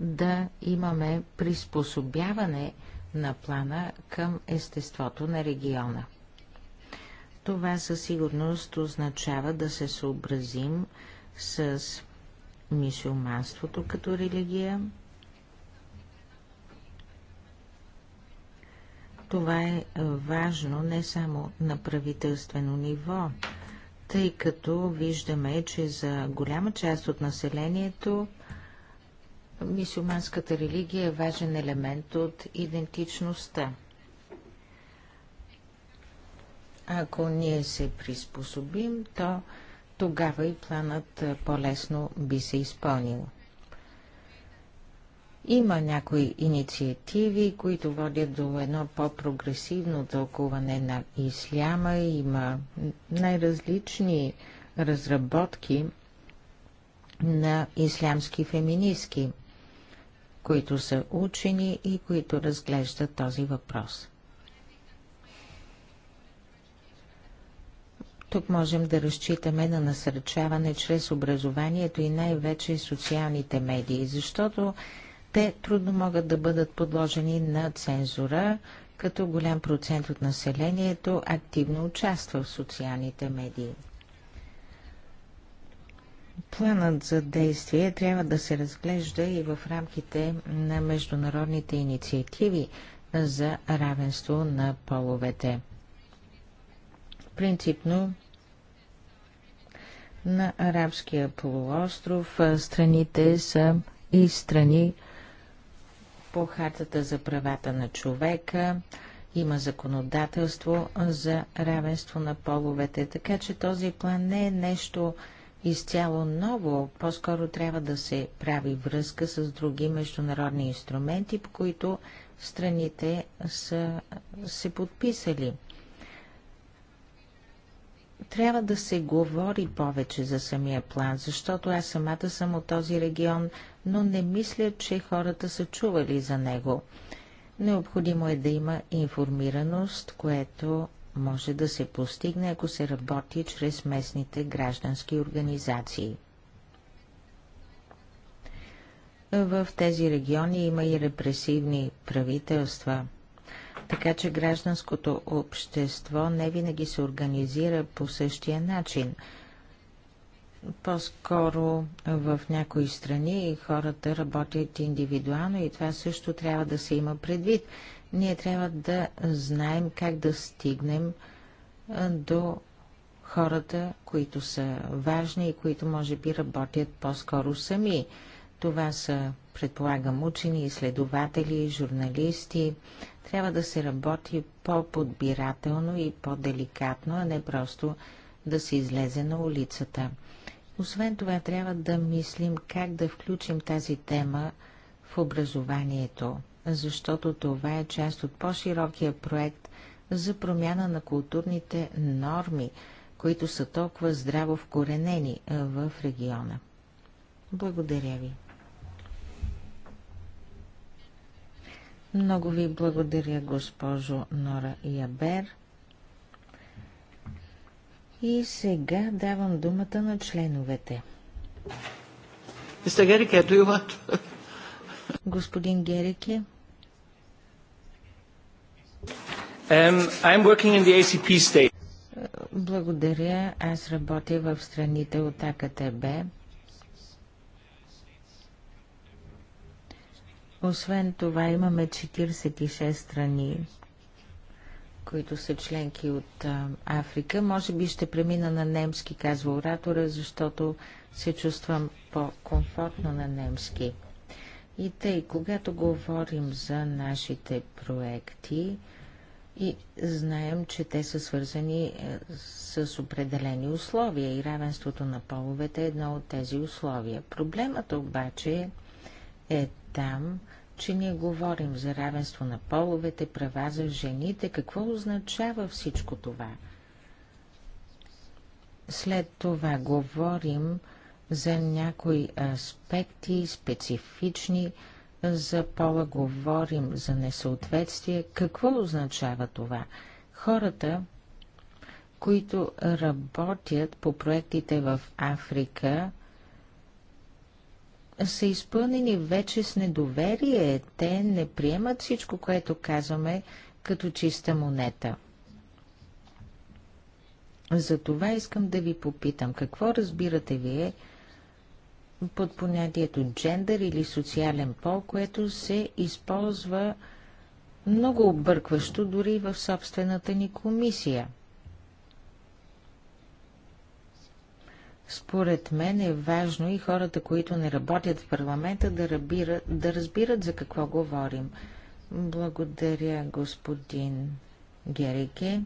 Да имаме приспособяване на плана към естеството на региона. Това със сигурност означава да се съобразим с мисюлманството като религия, Това е, е важно не само на правителствено ниво, тъй като виждаме, че за голяма част от населението мисюманската религия е важен елемент от идентичността. Ако ние се приспособим, то тогава и планът е, по-лесно би се изпълнил. Има някои инициативи, които водят до едно по-прогресивно тълкуване на исляма. Има най-различни разработки на ислямски феминистки, които са учени и които разглеждат този въпрос. Тук можем да разчитаме на насърчаване чрез образованието и най-вече социалните медии, защото те трудно могат да бъдат подложени на цензура, като голям процент от населението активно участва в социалните медии. Планът за действие трябва да се разглежда и в рамките на международните инициативи за равенство на половете. Принципно на арабския полуостров страните са и страни по хартата за правата на човека, има законодателство за равенство на половете, така че този план не е нещо изцяло ново, по-скоро трябва да се прави връзка с други международни инструменти, по които страните са се подписали. Трябва да се говори повече за самия план, защото аз самата съм от този регион, но не мисля, че хората са чували за него. Необходимо е да има информираност, което може да се постигне, ако се работи чрез местните граждански организации. В тези региони има и репресивни правителства – така че гражданското общество не винаги се организира по същия начин. По-скоро в някои страни хората работят индивидуално и това също трябва да се има предвид. Ние трябва да знаем как да стигнем до хората, които са важни и които може би работят по-скоро сами. Това са предполагам учени, изследователи, журналисти. Трябва да се работи по-подбирателно и по-деликатно, а не просто да се излезе на улицата. Освен това, трябва да мислим как да включим тази тема в образованието, защото това е част от по-широкия проект за промяна на културните норми, които са толкова здраво вкоренени в региона. Благодаря ви. Много ви благодаря, госпожо Нора Ябер. И сега давам думата на членовете. Господин Герике. Um, благодаря. Аз работя в страните от АКТБ. Освен това имаме 46 страни, които са членки от Африка. Може би ще премина на немски, казва оратора, защото се чувствам по-комфортно на немски. И тъй, когато говорим за нашите проекти и знаем, че те са свързани е, с определени условия и равенството на половете е едно от тези условия. Проблемът обаче е там, че ние говорим за равенство на половете, права за жените. Какво означава всичко това? След това говорим за някои аспекти, специфични за пола, говорим за несъответствие. Какво означава това? Хората, които работят по проектите в Африка, са изпълнени вече с недоверие. Те не приемат всичко, което казваме, като чиста монета. Затова искам да ви попитам, какво разбирате вие под понятието джендър или социален пол, което се използва много объркващо дори в собствената ни комисия – Според мен е важно и хората, които не работят в парламента, да, рабира, да разбират за какво говорим. Благодаря, господин Герике.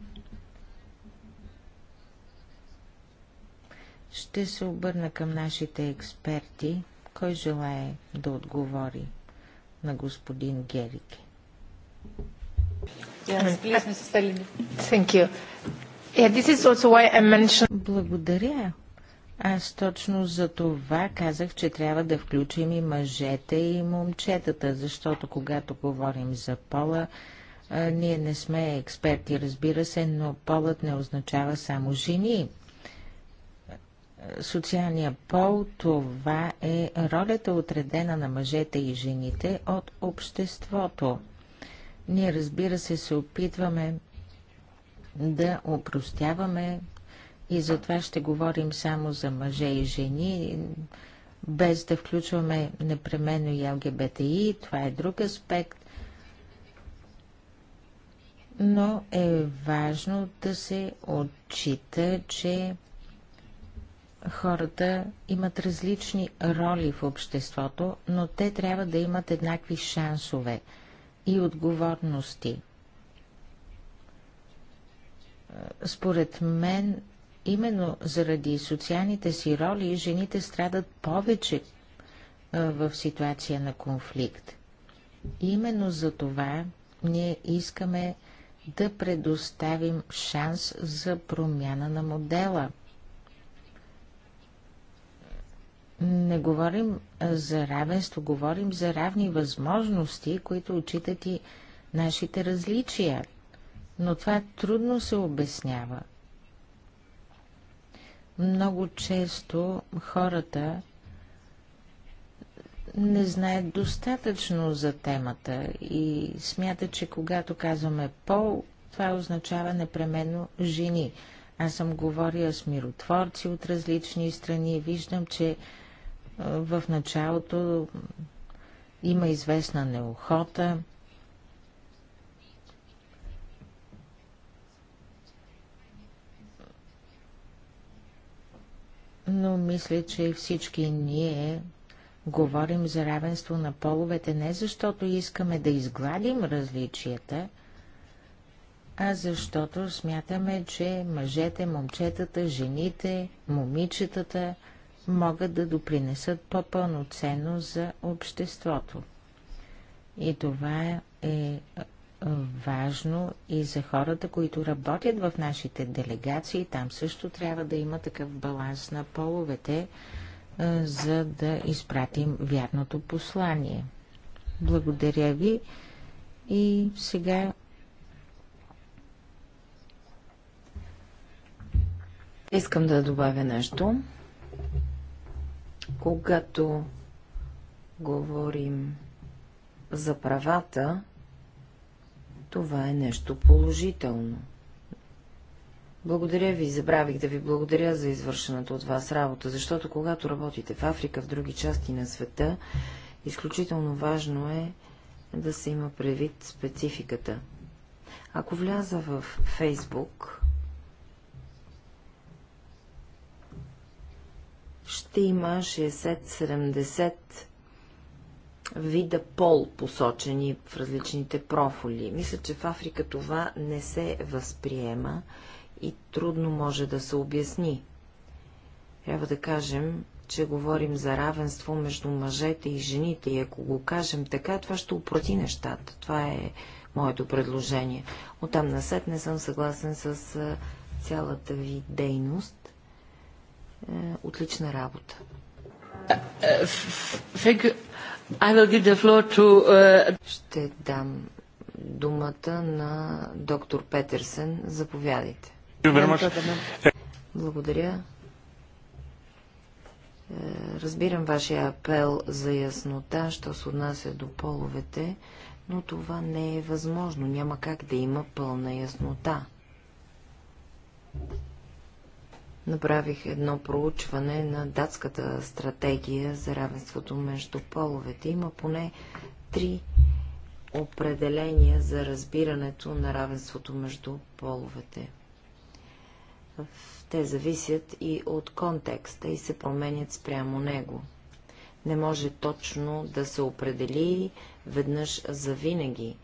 Ще се обърна към нашите експерти. Кой желае да отговори на господин Герике? Yes, Yeah, mentioned... Благодаря. Аз точно за това казах, че трябва да включим и мъжете и момчетата, защото когато говорим за пола, а, ние не сме експерти, разбира се, но полът не означава само жени. Социалния пол това е ролята отредена на мъжете и жените от обществото. Ние, разбира се, се опитваме да опростяваме и затова ще говорим само за мъже и жени, без да включваме непременно и ЛГБТИ, това е друг аспект, но е важно да се отчита, че хората имат различни роли в обществото, но те трябва да имат еднакви шансове и отговорности. Според мен Именно заради социалните си роли жените страдат повече в ситуация на конфликт. Именно за това ние искаме да предоставим шанс за промяна на модела. Не говорим за равенство, говорим за равни възможности, които отчитат и нашите различия. Но това трудно се обяснява – много често хората не знаят достатъчно за темата и смятат, че когато казваме пол, това означава непременно жени. Аз съм говорила с миротворци от различни страни. Виждам, че е, в началото има известна неохота. но мисля, че всички ние говорим за равенство на половете не защото искаме да изгладим различията, а защото смятаме, че мъжете, момчетата, жените, момичетата могат да допринесат по-пълноценно за обществото. И това е важно и за хората, които работят в нашите делегации. Там също трябва да има такъв баланс на половете, за да изпратим вярното послание. Благодаря ви и сега Искам да добавя нещо. Когато говорим за правата, това е нещо положително. Благодаря ви, забравих да ви благодаря за извършената от вас работа, защото когато работите в Африка, в други части на света, изключително важно е да се има предвид спецификата. Ако вляза в Фейсбук, ще има 60-70 вида пол, посочени в различните профили. Мисля, че в Африка това не се възприема и трудно може да се обясни. Трябва да кажем, че говорим за равенство между мъжете и жените и ако го кажем така, това ще упроти нещата. Това е моето предложение. Оттам насет не съм съгласен с цялата ви дейност. Отлична работа. Uh, Ще дам думата на доктор Петерсен. Заповядайте. Благодаря. Е, разбирам вашия апел за яснота, що се отнася до половете, но това не е възможно. Няма как да има пълна яснота направих едно проучване на датската стратегия за равенството между половете. Има поне три определения за разбирането на равенството между половете. Те зависят и от контекста и се променят спрямо него. Не може точно да се определи веднъж за винаги.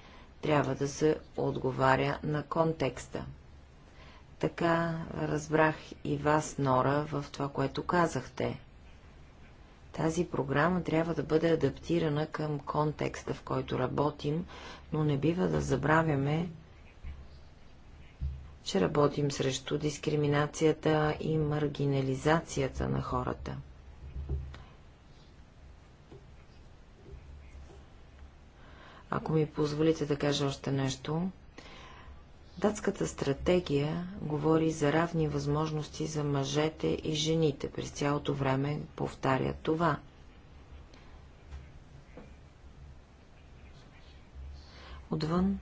Трябва да се отговаря на контекста. Така разбрах и вас, Нора, в това, което казахте. Тази програма трябва да бъде адаптирана към контекста, в който работим, но не бива да забравяме, че работим срещу дискриминацията и маргинализацията на хората. Ако ми позволите да кажа още нещо, Датската стратегия говори за равни възможности за мъжете и жените. През цялото време повтаря това. Отвън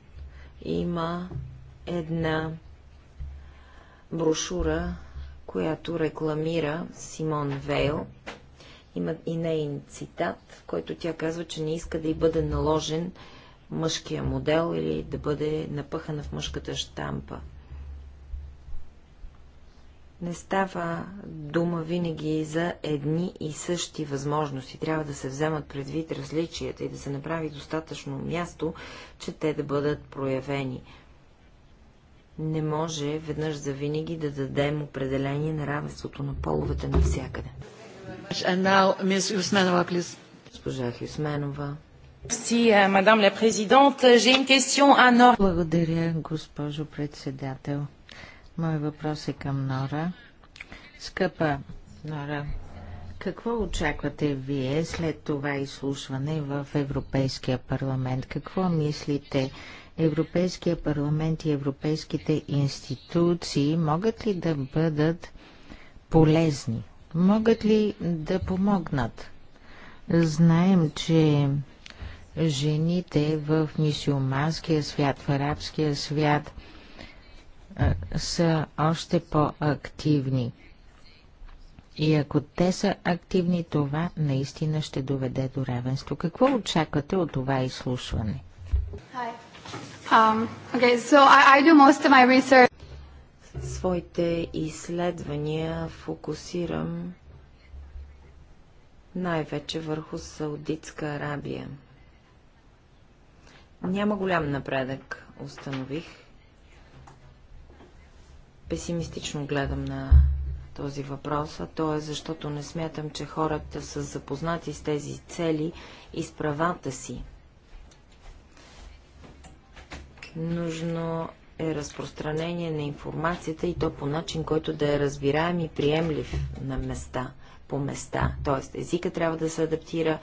има една брошура, която рекламира Симон Вейл. Има и нейн цитат, в който тя казва, че не иска да й бъде наложен мъжкия модел или да бъде напъхана в мъжката штампа. Не става дума винаги за едни и същи възможности. Трябва да се вземат предвид различията и да се направи достатъчно място, че те да бъдат проявени. Не може веднъж за винаги да дадем определение на равенството на половете навсякъде. Now, Госпожа Хюсменова. Euh, Благодаря, госпожо председател. Мой въпрос е към Нора. Скъпа Нора, какво очаквате вие след това изслушване в Европейския парламент? Какво мислите? Европейския парламент и европейските институции могат ли да бъдат полезни? Могат ли да помогнат? Знаем, че жените в мисиоманския свят, в арабския свят са още по-активни. И ако те са активни, това наистина ще доведе до равенство. Какво очаквате от това изслушване? Um, okay, so I, I Своите изследвания фокусирам най-вече върху Саудитска Арабия. Няма голям напредък, установих. Песимистично гледам на този въпрос, а то е защото не смятам, че хората са запознати с тези цели и с правата си. Нужно е разпространение на информацията и то по начин, който да е разбираем и приемлив на места, по места. Тоест езика трябва да се адаптира,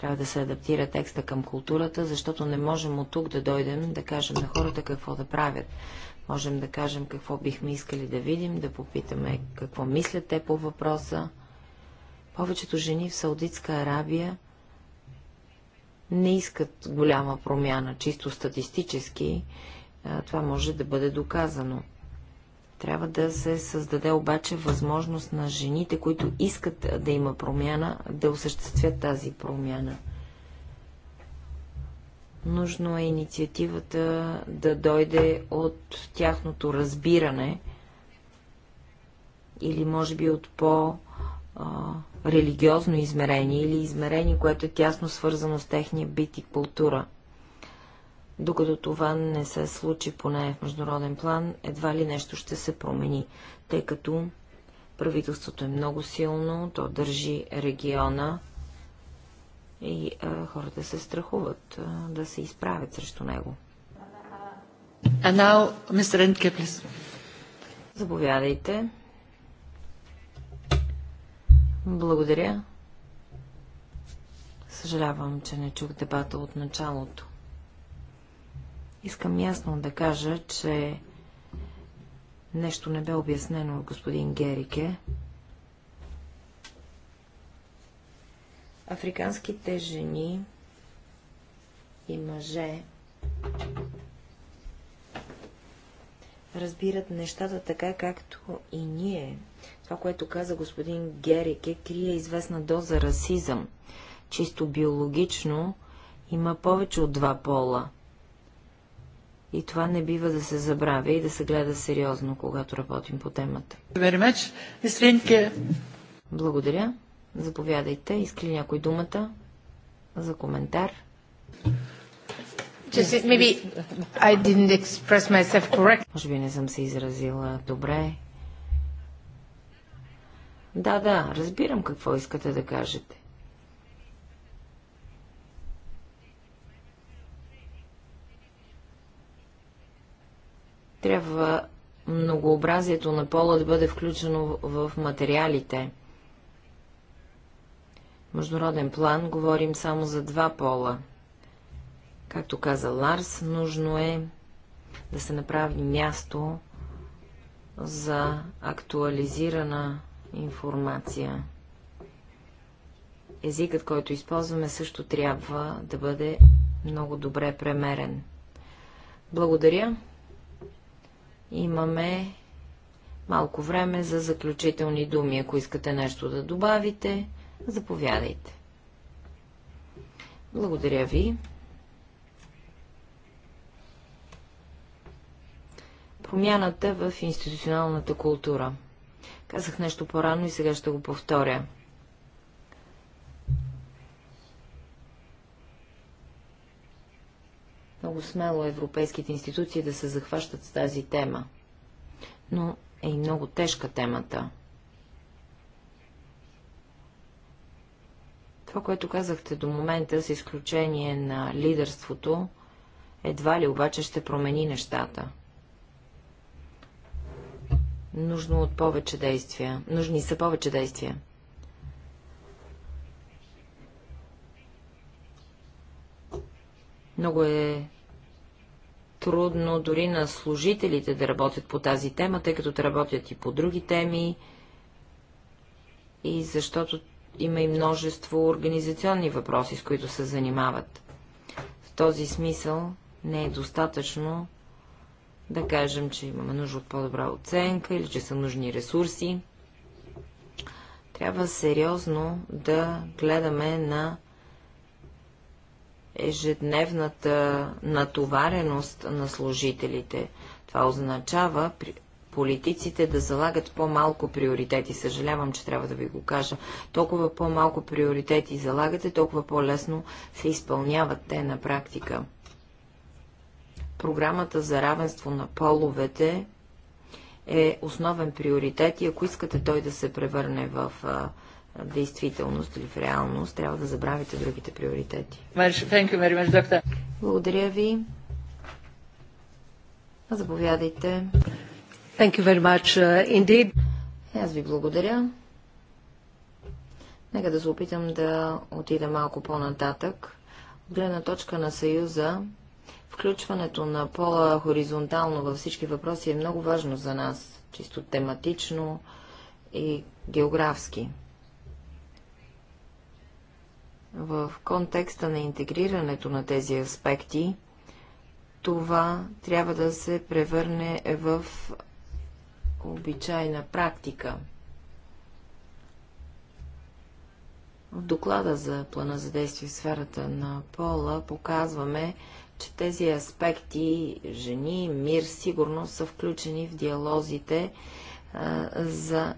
трябва да се адаптира текста към културата, защото не можем от тук да дойдем да кажем на хората какво да правят. Можем да кажем какво бихме искали да видим, да попитаме какво мислят те по въпроса. Повечето жени в Саудитска Арабия не искат голяма промяна, чисто статистически. Това може да бъде доказано. Трябва да се създаде обаче възможност на жените, които искат да има промяна, да осъществят тази промяна. Нужно е инициативата да дойде от тяхното разбиране или може би от по-религиозно измерение или измерение, което е тясно свързано с техния бит и култура – докато това не се случи, поне в международен план, едва ли нещо ще се промени, тъй като правителството е много силно, то държи региона и а, хората се страхуват а, да се изправят срещу него. And now, Mr. Rentke, Заповядайте. Благодаря. Съжалявам, че не чух дебата от началото. Искам ясно да кажа, че нещо не бе обяснено от господин Герике. Африканските жени и мъже разбират нещата така, както и ние. Това, което каза господин Герике, крие известна доза расизъм. Чисто биологично има повече от два пола. И това не бива да се забравя и да се гледа сериозно, когато работим по темата. Благодаря. Заповядайте. искали някой думата за коментар? Може би не съм се изразила добре. Да, да, разбирам какво искате да кажете. Трябва многообразието на пола да бъде включено в материалите. Международен план говорим само за два пола. Както каза Ларс, нужно е да се направи място за актуализирана информация. Езикът, който използваме, също трябва да бъде много добре премерен. Благодаря имаме малко време за заключителни думи. Ако искате нещо да добавите, заповядайте. Благодаря ви. Промяната в институционалната култура. Казах нещо по-рано и сега ще го повторя – Много смело европейските институции да се захващат с тази тема. Но е и много тежка темата. Това, което казахте до момента, с изключение на лидерството, едва ли обаче ще промени нещата. Нужно от повече действия. Нужни са повече действия. Много е трудно дори на служителите да работят по тази тема, тъй като работят и по други теми и защото има и множество организационни въпроси, с които се занимават. В този смисъл не е достатъчно да кажем, че имаме нужда от по-добра оценка или че са нужни ресурси. Трябва сериозно да гледаме на ежедневната натовареност на служителите. Това означава политиците да залагат по-малко приоритети. Съжалявам, че трябва да ви го кажа. Толкова по-малко приоритети залагате, толкова по-лесно се изпълняват те на практика. Програмата за равенство на половете е основен приоритет и ако искате той да се превърне в действителност или в реалност, трябва да забравите другите приоритети. Благодаря ви. Заповядайте. Thank you very much, uh, indeed. Аз ви благодаря. Нека да се опитам да отида малко по-нататък. От гледна точка на Съюза, включването на пола хоризонтално във всички въпроси е много важно за нас, чисто тематично и географски. В контекста на интегрирането на тези аспекти, това трябва да се превърне в обичайна практика. В доклада за плана за действие в сферата на пола показваме, че тези аспекти жени, мир, сигурно са включени в диалозите а, за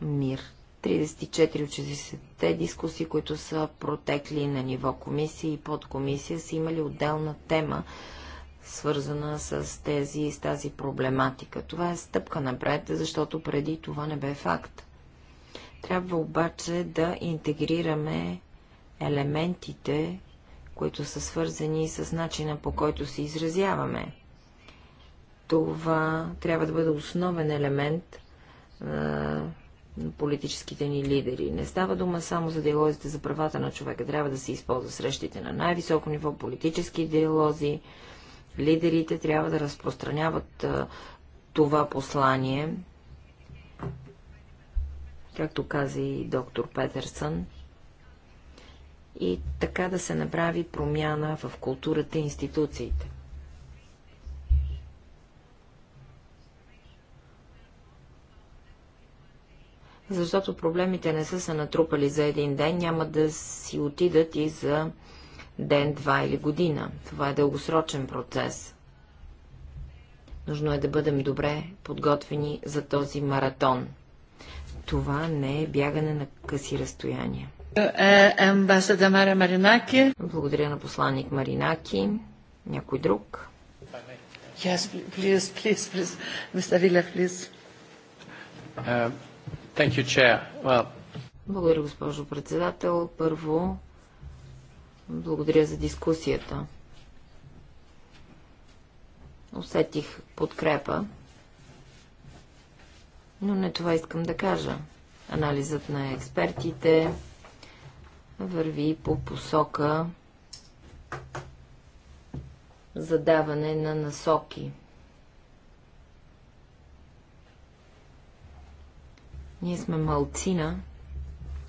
мир. 34 от 60-те дискусии, които са протекли на ниво комисия и подкомисия, са имали отделна тема, свързана с, тези, с тази проблематика. Това е стъпка напред, защото преди това не бе факт. Трябва обаче да интегрираме елементите, които са свързани с начина по който се изразяваме. Това трябва да бъде основен елемент политическите ни лидери. Не става дума само за диалозите за правата на човека. Трябва да се използва срещите на най-високо ниво, политически диалози. Лидерите трябва да разпространяват а, това послание, както каза и доктор Петърсън, и така да се направи промяна в културата и институциите. защото проблемите не са се натрупали за един ден, няма да си отидат и за ден, два или година. Това е дългосрочен процес. Нужно е да бъдем добре подготвени за този маратон. Това не е бягане на къси разстояния. Е, е, амбасада Мара Маринаки. Благодаря на посланник Маринаки. Някой друг? Yes, please, please, please. Mr. Villa, please. Uh... Thank you, Chair. Well... Благодаря, госпожо председател. Първо, благодаря за дискусията. Усетих подкрепа, но не това искам да кажа. Анализът на експертите върви по посока задаване на насоки – Ние сме малцина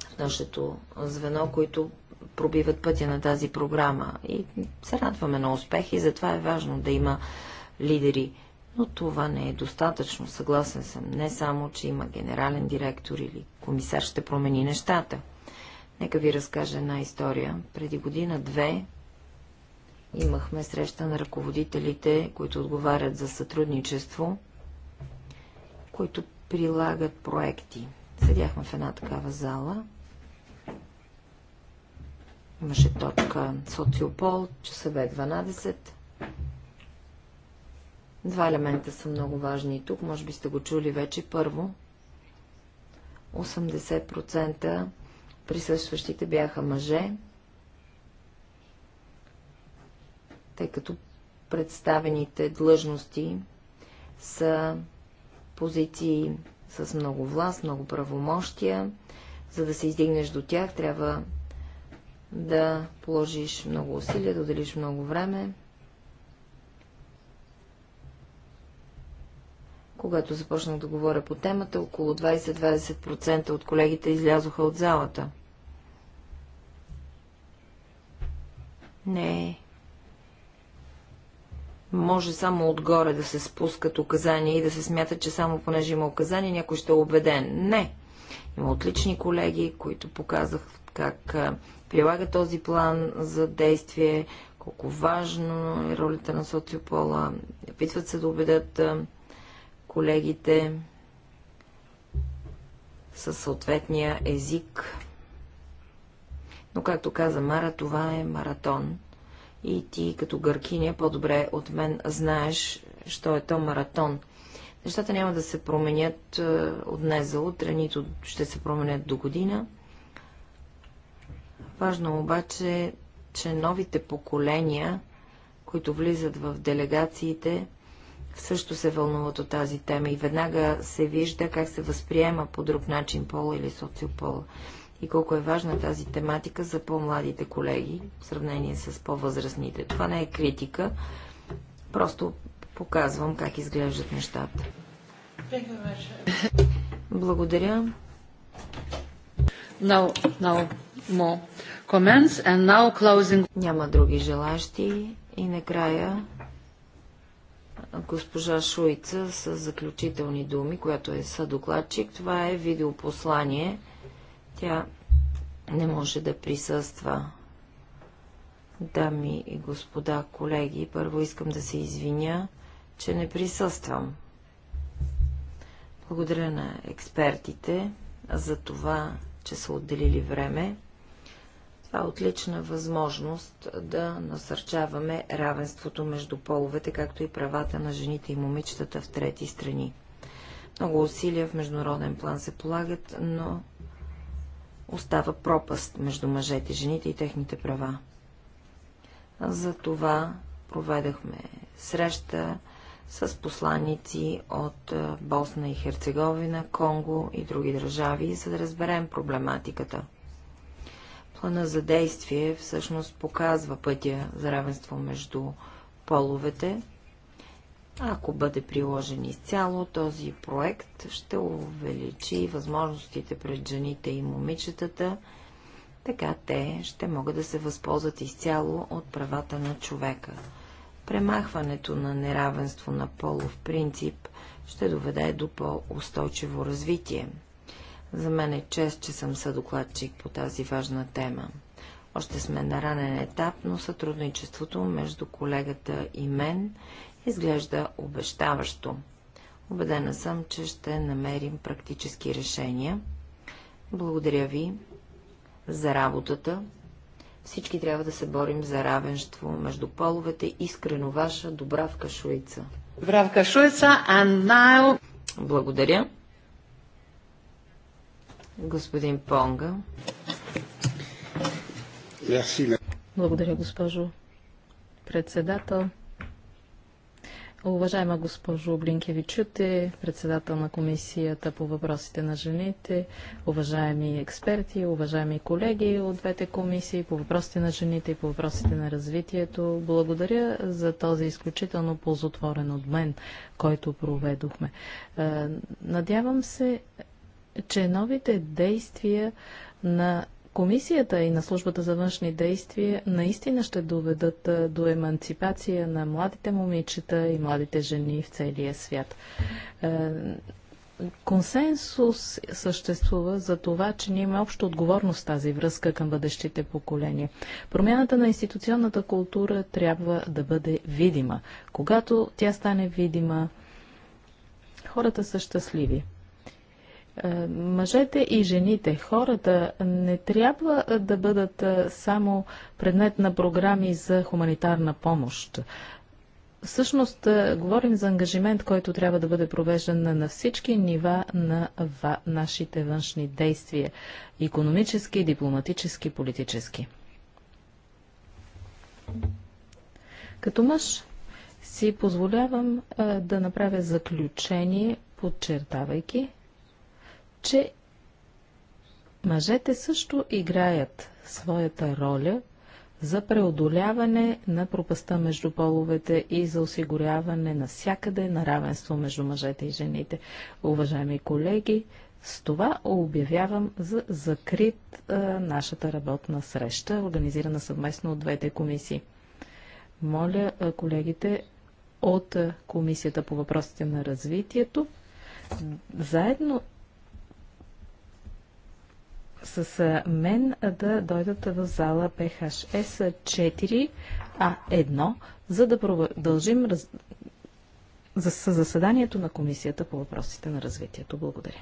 в нашето звено, които пробиват пътя на тази програма. И се радваме на успех и затова е важно да има лидери. Но това не е достатъчно, съгласен съм. Не само, че има генерален директор или комисар ще промени нещата. Нека ви разкажа една история. Преди година-две имахме среща на ръководителите, които отговарят за сътрудничество, които прилагат проекти. Седяхме в една такава зала. Имаше точка Социопол, часове 12. Два елемента са много важни и тук, може би сте го чули вече. Първо, 80% присъстващите бяха мъже, тъй като представените длъжности са позиции с много власт, много правомощия. За да се издигнеш до тях, трябва да положиш много усилия, да отделиш много време. Когато започнах да говоря по темата, около 20-20% от колегите излязоха от залата. Не е може само отгоре да се спускат указания и да се смята, че само понеже има указания, някой ще е убеден. Не. Има отлични колеги, които показах как прилага този план за действие, колко важно е ролята на социопола. Опитват се да убедят колегите със съответния език. Но, както каза Мара, това е маратон и ти като гъркиня по-добре от мен знаеш, що е то маратон. Нещата няма да се променят е, от днес за утре, нито ще се променят до година. Важно обаче, че новите поколения, които влизат в делегациите, също се вълнуват от тази тема и веднага се вижда как се възприема по друг начин пола или социопола и колко е важна тази тематика за по-младите колеги в сравнение с по-възрастните. Това не е критика, просто показвам как изглеждат нещата. Благодаря. No, no more comments and now closing. Няма други желащи и накрая госпожа Шуица с заключителни думи, която е съдокладчик. Това е видеопослание тя не може да присъства. Дами и господа, колеги, първо искам да се извиня, че не присъствам. Благодаря на експертите за това, че са отделили време. Това е отлична възможност да насърчаваме равенството между половете, както и правата на жените и момичетата в трети страни. Много усилия в международен план се полагат, но остава пропаст между мъжете, жените и техните права. За това проведахме среща с посланици от е, Босна и Херцеговина, Конго и други държави, за да разберем проблематиката. Плана за действие всъщност показва пътя за равенство между половете ако бъде приложен изцяло, този проект ще увеличи възможностите пред жените и момичетата, така те ще могат да се възползват изцяло от правата на човека. Премахването на неравенство на полов принцип ще доведе до по-устойчиво развитие. За мен е чест, че съм съдокладчик по тази важна тема. Още сме на ранен етап, но сътрудничеството между колегата и мен изглежда обещаващо. Обедена съм, че ще намерим практически решения. Благодаря ви за работата. Всички трябва да се борим за равенство между половете. Искрено ваша Добравка Шуица. Добравка Шуица, а най... Благодаря. Господин Понга. Благодаря, госпожо председател. Уважаема госпожо Блинкевичуте, председател на Комисията по въпросите на жените, уважаеми експерти, уважаеми колеги от двете комисии по въпросите на жените и по въпросите на развитието, благодаря за този изключително ползотворен обмен, който проведохме. Е, надявам се, че новите действия на комисията и на службата за външни действия наистина ще доведат до еманципация на младите момичета и младите жени в целия свят. Е, консенсус съществува за това, че ние имаме обща отговорност тази връзка към бъдещите поколения. Промяната на институционната култура трябва да бъде видима. Когато тя стане видима, хората са щастливи. Е, мъжете и жените, хората не трябва е, да бъдат е, само предмет на програми за хуманитарна помощ. Всъщност, говорим за ангажимент, който трябва да бъде провеждан на всички нива на нашите външни действия – економически, дипломатически, политически. Като мъж си позволявам а, да направя заключение, подчертавайки, че мъжете също играят своята роля за преодоляване на пропаста между половете и за осигуряване навсякъде на равенство между мъжете и жените. Уважаеми колеги, с това обявявам за закрит а, нашата работна среща, организирана съвместно от двете комисии. Моля а, колегите от а, Комисията по въпросите на развитието заедно с мен да дойдат в зала PHS 4А1, за да продължим раз... за заседанието на Комисията по въпросите на развитието. Благодаря.